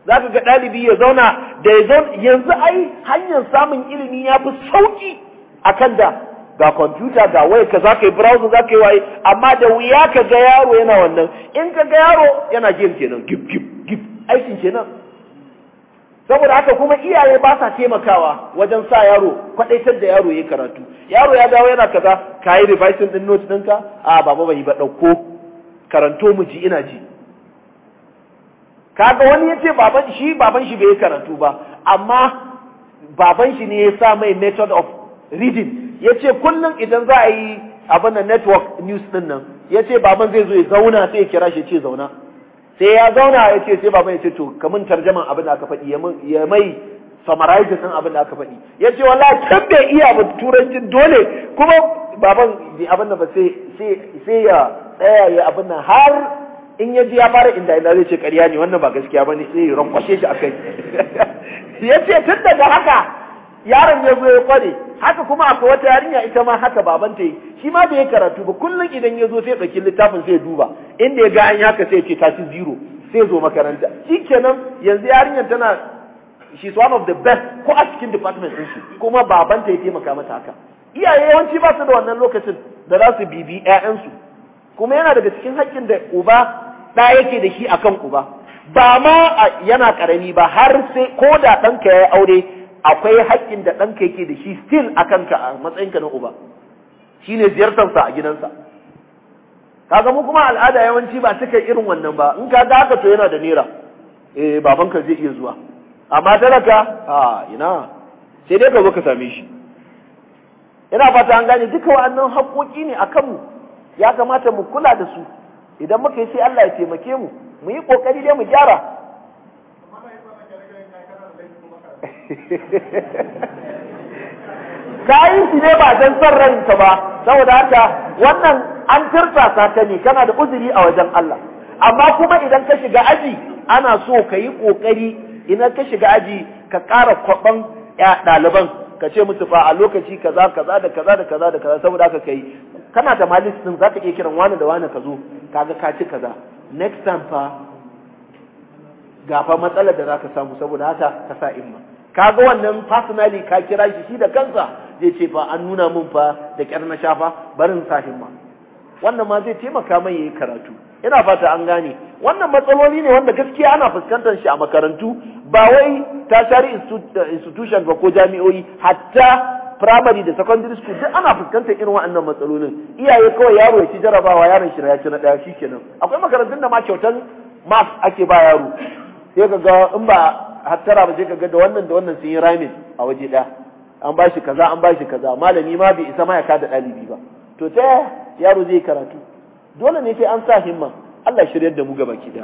za ka ga ɗalibi ya zauna da ya zauna yanzu ai hanyar samun ilimi ya fi sauƙi a kan da ga kwamfuta ga waya ka za ka yi browser za ka yi waye amma da wuya ka ga yaro yana wannan in ka ga yaro yana gim kenan gim gim gim aikin kenan saboda haka kuma iyaye ba sa taimakawa wajen sa yaro kwadaitar da yaro ya karatu yaro ya dawo yana kaza ka yi revising din notes ɗinka a baba bai ba ɗauko karanto mu ji ina ji kaga wani yace baban shi baban shi bai karatu ba amma baban shi ne ya sa mai method of reading yace kullum idan za a yi abin da network news din nan yace baban zai zo ya zauna sai ya kira shi ya ce zauna sai ya zauna ya ce sai baban ya ce to kamun tarjaman abin da aka faɗi ya mai summarize din abin da aka faɗi ya ce wala kan bai iya ba turancin dole kuma baban abin da ba sai ya tsaya ya abin nan har in ya ya fara inda ina zai ce ƙarya ne wannan ba gaskiya ba ne sai ya rankwashe shi a kai ya ce tun daga haka yaron ya zo ya kware haka kuma akwai wata yarinya ita ma haka babanta yi shi ma bai karatu ba kullum idan ya zo sai ɗauki littafin sai duba inda ya ga an haka sai ya ce tashi zero sai zo makaranta shi kenan yanzu yarinyar tana she's one of the best ko a cikin department ɗin shi kuma babanta ya taimaka mata haka iyaye yawanci ba su da wannan lokacin da za su bibi 'ya'yansu kuma yana daga cikin haƙƙin da uba ɗa yake da shi a kan uba ba ma yana ƙarami ba har sai ko da ɗanka ya yi aure akwai haƙƙin da ɗanka yake da shi still a kanka a matsayinka na uba shine ziyartarsa a gidansa kaga mu kuma al'ada yawanci ba suka irin wannan ba in ka ga haka to yana da nera eh babanka zai iya zuwa amma talaka a ina sai dai ka zo ka same shi ina fata an gane duka wa'annan haƙoƙi ne a kanmu ya kamata mu kula da su idan muka yi sai Allah ya taimake mu mu yi kokari dai mu gyara kayi shi ne ba don son ranka ba saboda haka wannan an tirsasa ta ne kana da uzuri a wajen Allah amma kuma idan ka shiga aji ana so ka yi kokari idan ka shiga aji ka ƙara kwaban ɗaliban ka ce musu fa a lokaci kaza kaza da kaza da kaza da kaza saboda haka kai kana da malis din za ka iya kiran wani da wani ka zo kaga ka ci kaza next time fa gafa matsalar da za ka samu saboda haka ka sa imma kaga wannan personally ka kira shi shi da kansa zai ce fa an nuna mun fa da kyar na shafa barin sa himma wannan ma zai taimaka mai yayi karatu ina fata an gane wannan matsaloli ne wanda gaskiya ana fuskantar shi a makarantu ba wai tashari eh, institution ba ko jami'oyi hatta primary da secondary school duk ana fuskantar irin wa'annan matsalolin iyaye kawai yaro ya ci jarabawa yaron shi ya ci na daya shikenan akwai makarantun da ma kyautan math ake ba yaro sai ka ga in ba hattara ba sai ka ga da wannan da wannan sun yi ramin a waje daya an ba shi kaza an ba shi kaza malami ma bai isa ma ya kada ɗalibi ba to ta yaro zai karatu dole ne sai an sa himma Allah shiryar da mu gaba ki da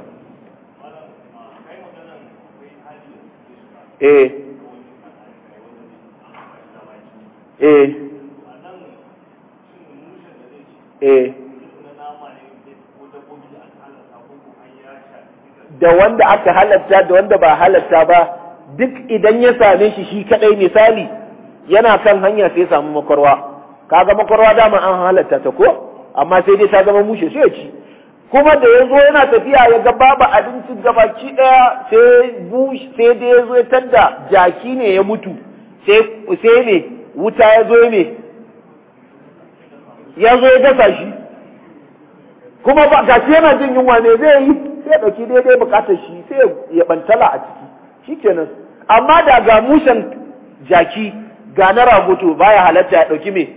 eh eh eh da wanda aka halatta da wanda ba halatta ba duk idan ya same shi shi kadai misali yana kan hanya sai samu makwarwa kaga makwarwa dama an halatta ta ko amma sai dai ta zama mushe sai ya ci kuma da ya zo yana tafiya ya ga babu abincin gabaki daya sai bush da ya zo ya tanda jaki ne ya mutu sai sai ne wuta ya zo ne ya zo ya gasa shi kuma ba gashi yana jin yunwa ne zai yi sai ɗauki daidai bukatar shi sai ya bantala a ciki shikenan amma da ga mushen jaki ga na ragoto baya halatta ya ɗauki me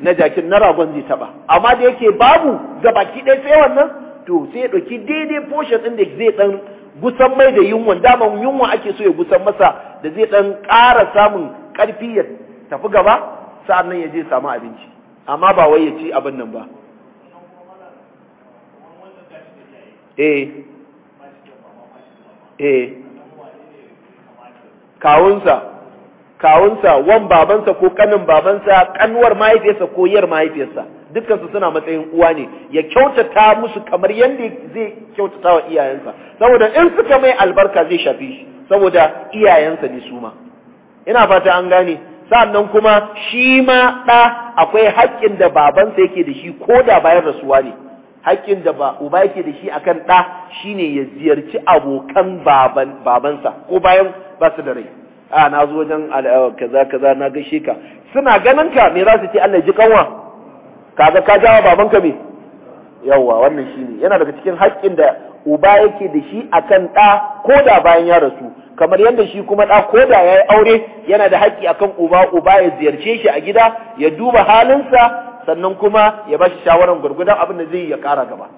na jakin na ragon zai taba amma da yake babu ga baki ɗaya sai wannan to sai ya ɗauki daidai portion ɗin da zai ɗan gusan mai da yunwa daman yunwa ake so ya gusan masa da zai ɗan ƙara samun ƙarfi ya tafi gaba sa'an nan ya je samu abinci amma ba wai ya ci abin nan ba eh eh kawunsa kawunsa wan babansa ko kanin babansa kanwar mahaifiyarsa ko yar mahaifiyarsa dukkansu suna matsayin uwa ne ya kyautata musu kamar yadda zai kyautata wa iyayensa saboda in suka mai albarka zai shafi shi saboda iyayensa ne su ma ina fata an gane sannan kuma shi ma ɗa akwai haƙƙin da babansa yake da shi ko da bayan rasuwa ne haƙƙin da uba yake da shi akan ɗa shine ya ziyarci abokan baban babansa ko bayan ba su da rai a na zo wajen eh, kaza kaza na gaishe ka suna ganin ka me za su ce Allah ji kanwa kaga ka jawa babanka me yawwa wannan shine yana daga cikin haƙƙin da uba yake da shi a kan ɗa ko da bayan ya rasu kamar yadda shi kuma ɗa ko da ya yi aure yana da haƙƙi a kan uba uba ya ziyarce shi a gida ya duba halinsa sannan kuma ya ba shi shawaran gwargwadon abin da zai ya ƙara gaba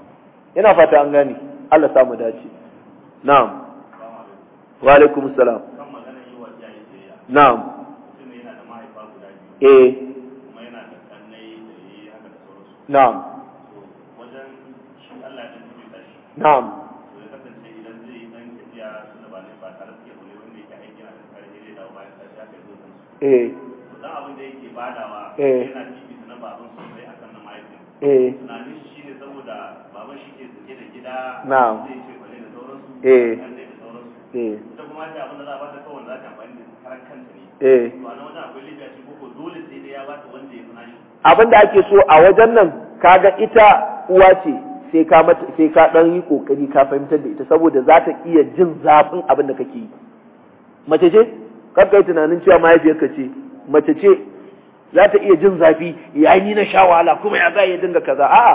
yana fata an gane Allah samu dace na'am wa alaikum salam na'am eh na'am na'am eh eh, eh. na'am eh. eh eh abin da ake so a wajen nan kaga ita uwa ce sai ka mata sai ka dan yi kokari ka fahimtar da ita saboda za ta iya jin zafin abin da kake yi mace ce kar kai tunanin cewa mahaifiyarka ce mace ce za ta iya jin zafi ya ni na sha wahala kuma ya za ya dinga kaza a'a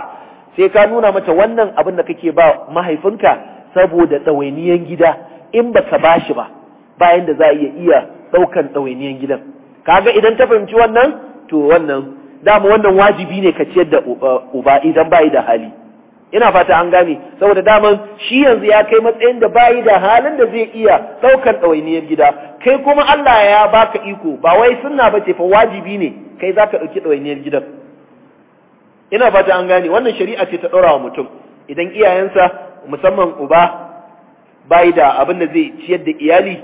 sai ka nuna mata wannan abin da kake ba mahaifinka saboda ɗawainiyan gida in ba ka bashi ba bayan da za iya iya ɗaukan ɗawainiyan gidan kaga idan ta fahimci wannan to wannan dama wannan wajibi ne ka ciyar da uh, uba idan bai da hali ina fata an gane saboda daman shi yanzu ya kai matsayin da bayi da halin da zai iya ɗaukar ɗawainiyar gida kai kuma Allah ya baka iko ba wai sunna bace fa wajibi ne kai zaka ɗauki ɗawainiyar gidan ina fata an gane wannan shari'a ce ta ɗora wa mutum idan iyayensa musamman uba bayi da abin da zai ciyar da iyali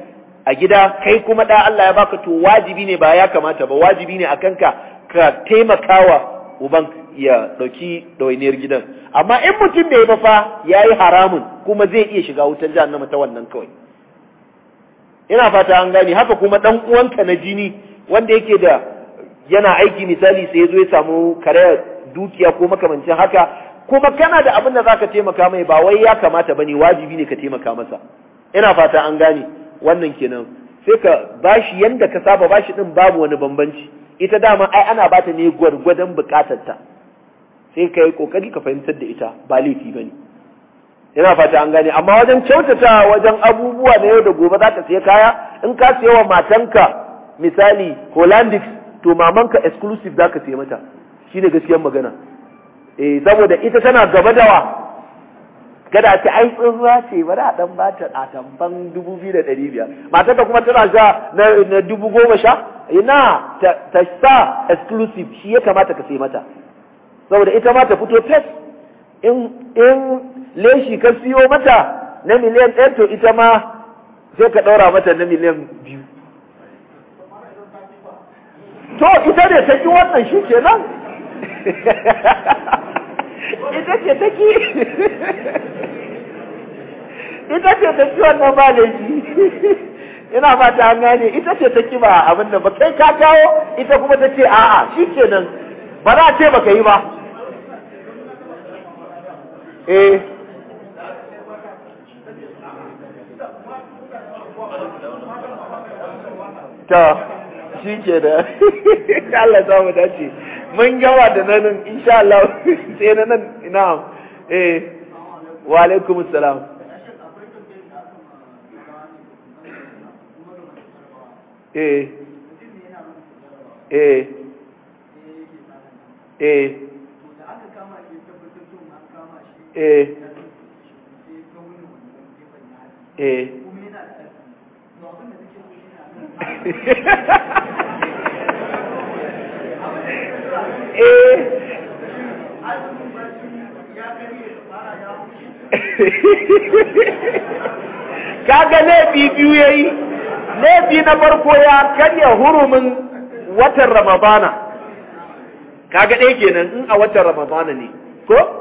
a gida kai kuma da Allah ya baka to wajibi ne ba ya kamata ba wajibi ne a kanka ka taimakawa uban ya dauki ɗawainiyar gidan amma in mutum ya ba fa ya yi haramun kuma zai iya shiga wutar jahannama ta wannan kawai ina fata an gane haka kuma dan uwanka na jini wanda yake da yana aiki misali sai zo ya samu karayar dukiya ko makamancin haka kuma kana da abin da zaka taimaka mai ba wai ya kamata bane wajibi ne ka taimaka masa ina fata an gane wannan kenan sai ka bashi yanda ka saba bashi din babu wani bambanci ita dama ai ana bata ne gwargwadon bukatarta sai ka yi kokari ka fahimtar da ita ba laifi ba ne yana fata an gane amma wajen kyautata wajen abubuwa na yau da gobe za ka siya kaya in ka siya wa matanka misali holandic to mamanka exclusive za ka siya mata shi ne gaskiyar magana eh saboda ita tana gaba dawa kada ta ai tsohuwa ce ba da dan bata a tamban dubu biyu da biyar da kuma tana sha na dubu goma sha ina ta sa exclusive shi ya kamata ka sai mata saboda ita ma ta fito tes in leshi ka siyo mata na miliyan ɗaya to ita ma sai ka ɗaura mata na miliyan biyu to ita ne ta ki wannan shi ke nan ita ce ta ki ita ce ta ki wannan ba shi? ina ba ta an gane ita ce ta ki ba abin da ba kai ka kawo ita kuma ta ce a'a shi ke nan ba za a ce ba ka yi ba eh ta shi ke da Allah za mu dace mun gawa da nan insha Allah sai na nan ina eh wa alaikum assalam eh eh eh eh eh, eh. kaga laifi biyu ya yi laifi na farko ya karya hurumin watan ramadana kaga ɗaya kenan in a watan ramadana ne ko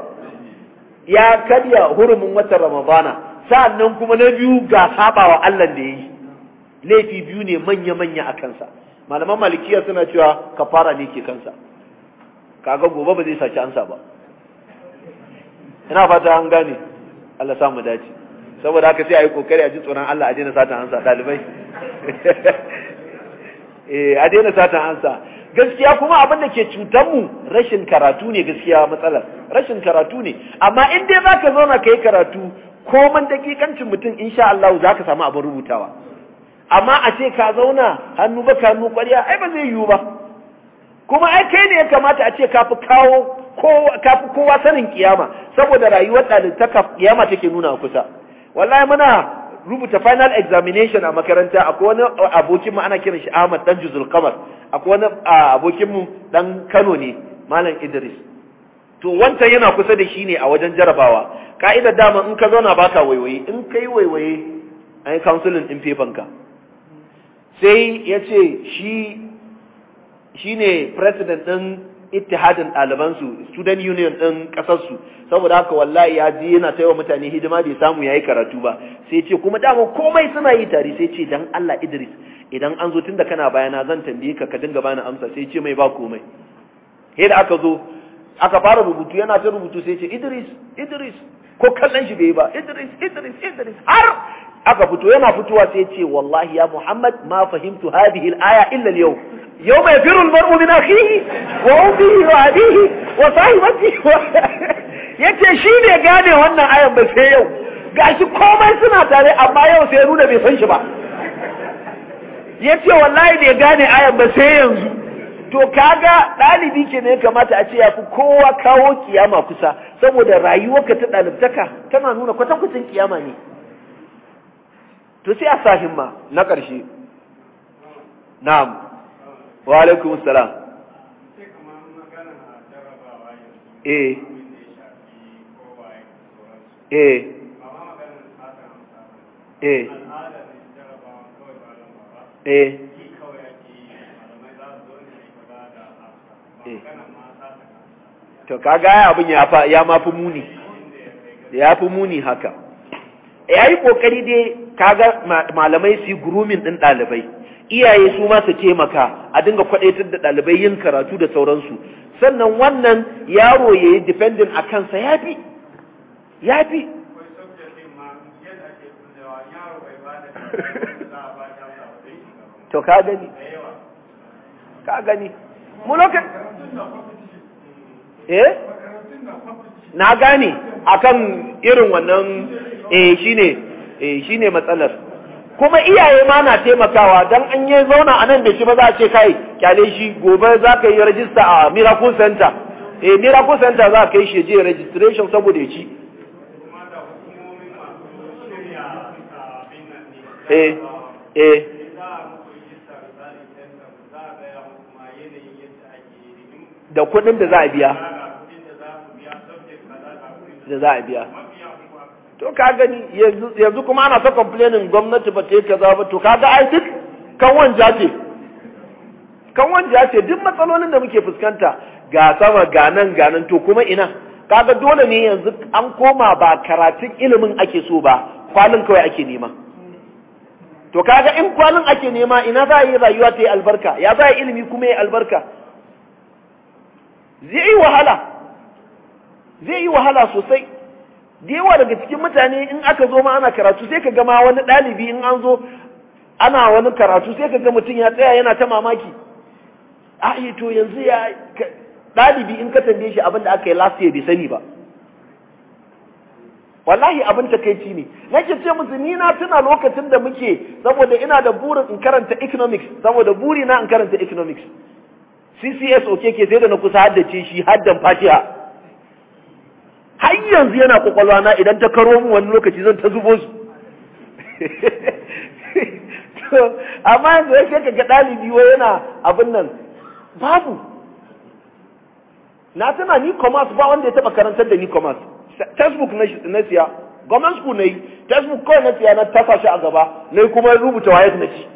ya karya hurumin watan ramadana sa'annan kuma na biyu ga sabawa Allah da yi, laifi biyu ne manya manya a kansa malaman malikiya suna cewa kafara ne ke kansa kaga gobe ba zai saci ansa ba ina fata an gane Allah sa mu dace saboda haka sai ayi kokari a ji tsoron Allah a daina satan ansa dalibai eh a daina satan ansa gaskiya kuma abin da ke cutar mu rashin karatu ne gaskiya matsalar rashin karatu ne amma in dai zaka zauna kai karatu man dakikancin mutum insha Allah zaka samu abin rubutawa amma a ce ka zauna hannu ba hannu ƙwarya ai ba zai yiwu ba kuma ai kai ne ya kamata a ce ka fi kawo ka fi kowa sanin kiyama saboda rayuwar ɗalibtaka kiyama take nuna kusa wallahi muna rubuta final examination a makaranta akwai wani abokin mu ana kiran shi Ahmad dan Juzul Qamar akwai wani abokinmu dan Kano ne malam Idris to wancan yana kusa da shi ne a wajen jarabawa ka'idar dama in ka zauna baka waiwaye in kai waiwaye ai counseling din fefanka sai ya ce shi shine president din ittihadin ɗalibansu student union ɗin ƙasarsu saboda haka wallahi ya ji yana taiwa mutane hidima bai samu ya yi karatu ba sai ce kuma dama komai suna yi tare sai ce dan Allah Idris idan an zo tun da kana bayana zan tambaye ka ka dinga bani amsa sai ce mai ba komai sai da aka zo aka fara rubutu yana ta rubutu sai ce Idris Idris ko kallon shi bai ba Idris Idris Idris har aka fito yana fitowa sai ce wallahi ya Muhammad ma fahimtu hadhihi al-aya illa al-yawm yawma yafiru al-mar'u min akhihi wa ummihi wa abihi wa sahibatihi yace shi ne gane wannan ayan ba sai yau gashi komai suna tare amma yau sai nuna bai san shi ba yace wallahi da ya gane ayan ba sai yanzu to kaga dalibi ke ne kamata a ce ya fi kowa kawo kiyama kusa saboda rayuwarka ta ɗalibtaka tana nuna kwatankwacin kiyama ne to sai a sa himma na ƙarshe na'am wa alaikun salam eh eh eh eh, eh. to kaga abin ya fa ya mafi muni ya fi muni haka ya yi kokari dai kaga malamai su yi gurumin ɗin ɗalibai iyaye su ma su taimaka a dinga kwaɗaitar da ɗalibai yin karatu da sauransu sannan wannan yaro ya yi dependin a kansa ya fi ya fi to ka gani ka gani mu lokacin eh na gane akan irin wannan eh shine eh shine matsalar kuma iyaye ma na taimakawa dan an yi zauna a nan da shi ba za a ce kai kyale shi gobe za ka yi rajista a miracle center eh miracle center za ka yi shi je registration saboda ya ci eh eh da kuɗin da za a biya da za a biya to ka gani yanzu kuma ana ta complaining gwamnati ba ta yi kaza ba to kaga ai duk kan wanja ce kan wanja ce duk matsalolin da muke fuskanta ga sama ga nan ga nan to kuma ina kaga dole ne yanzu an koma ba karatun ilimin ake so ba kwalin kawai ake nema to kaga in kwalin ake nema ina za a yi rayuwa ta yi albarka ya za a yi ilimi kuma ya albarka zai yi wahala zai yi wahala sosai da yawa daga cikin mutane in aka zo ma ana karatu sai ka gama wani ɗalibi in an zo ana wani karatu sai ka ga mutum ya tsaya yana ta mamaki a to yanzu ya ɗalibi in ka tambaye shi abin da aka yi last year bai sani ba wallahi abin takaici ne nake ce musu ni na tuna lokacin da muke saboda ina da burin in karanta economics saboda buri na in karanta economics CCS oke ke sai da na kusa haddace shi haddan fatiha har yanzu yana kwakwalwa na idan ta karo mu wani lokaci zan ta zubo su amma yanzu ya ka ga ɗalibi wa yana abin nan babu na tana ni commerce ba wanda ya taɓa karantar da ni commerce textbook na siya government school na yi textbook kawai na siya na tafa a gaba na kuma rubuta wayar na shi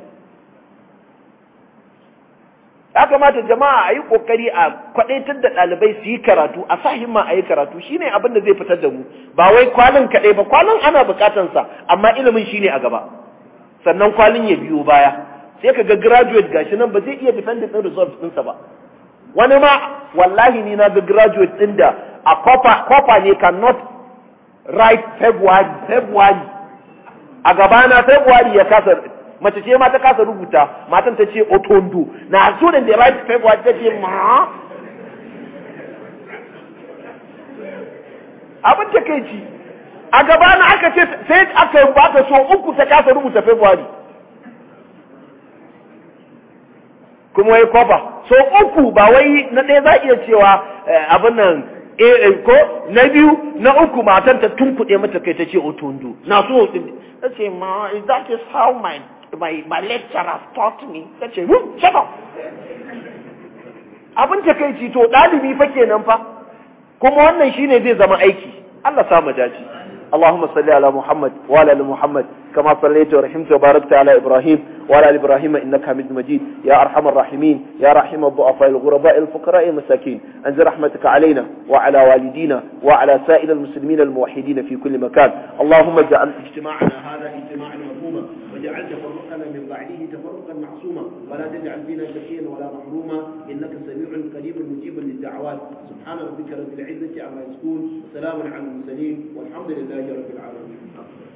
ya kamata jama'a a yi kokari a kwadaitar da ɗalibai su yi karatu a sahin ma a yi karatu shine abin da zai fitar da mu ba wai kwalin kaɗai ba kwalin ana buƙatansa sa amma ilimin shine a gaba sannan kwalin ya biyo baya sai ka ga graduate gashi nan ba zai iya defending din result ɗinsa ba wani ma wallahi ni na ga graduate ɗin da a kwafa ne cannot write february february a gabana february ya kasa mace ce ma ta kasa rubuta matan ta ce otondo na so da the right paperwork ta ce ma abin ta kai ci a gaba na aka ce sai aka yi bata so uku ta kasa rubuta february kuma wai kofa so uku ba wai na ɗaya za iya cewa eh, abin nan eh, eh, ko na biyu na uku matan ta tunkuɗe mata kai ta ce otondo na so otondo ta ce ma is that is how my my, my taught me ta ce shut up abin ta kai ci to dalibi fa kenan fa kuma wannan shine zai zama aiki Allah sa mu Allahumma salli ala Muhammad wa ala Muhammad kama sallaita wa rahimta wa barakta ala Ibrahim wa ala Ibrahim innaka Hamid Majid ya arhamar rahimin ya rahimar du'afa al ghuraba al fuqara al masakin anzi rahmataka alaina wa ala walidina wa ala sa'il al muslimin al muwahhidin fi kulli makan Allahumma ja'al ijtima'ana hadha ijtima'an واجعل تفرقنا من بعده تفرقا معصوما ولا تجعل فينا شقيا ولا محروما إنك سميع قريب مجيب للدعوات سبحان ربك رب العزة عما يصفون وسلام على المرسلين والحمد لله رب العالمين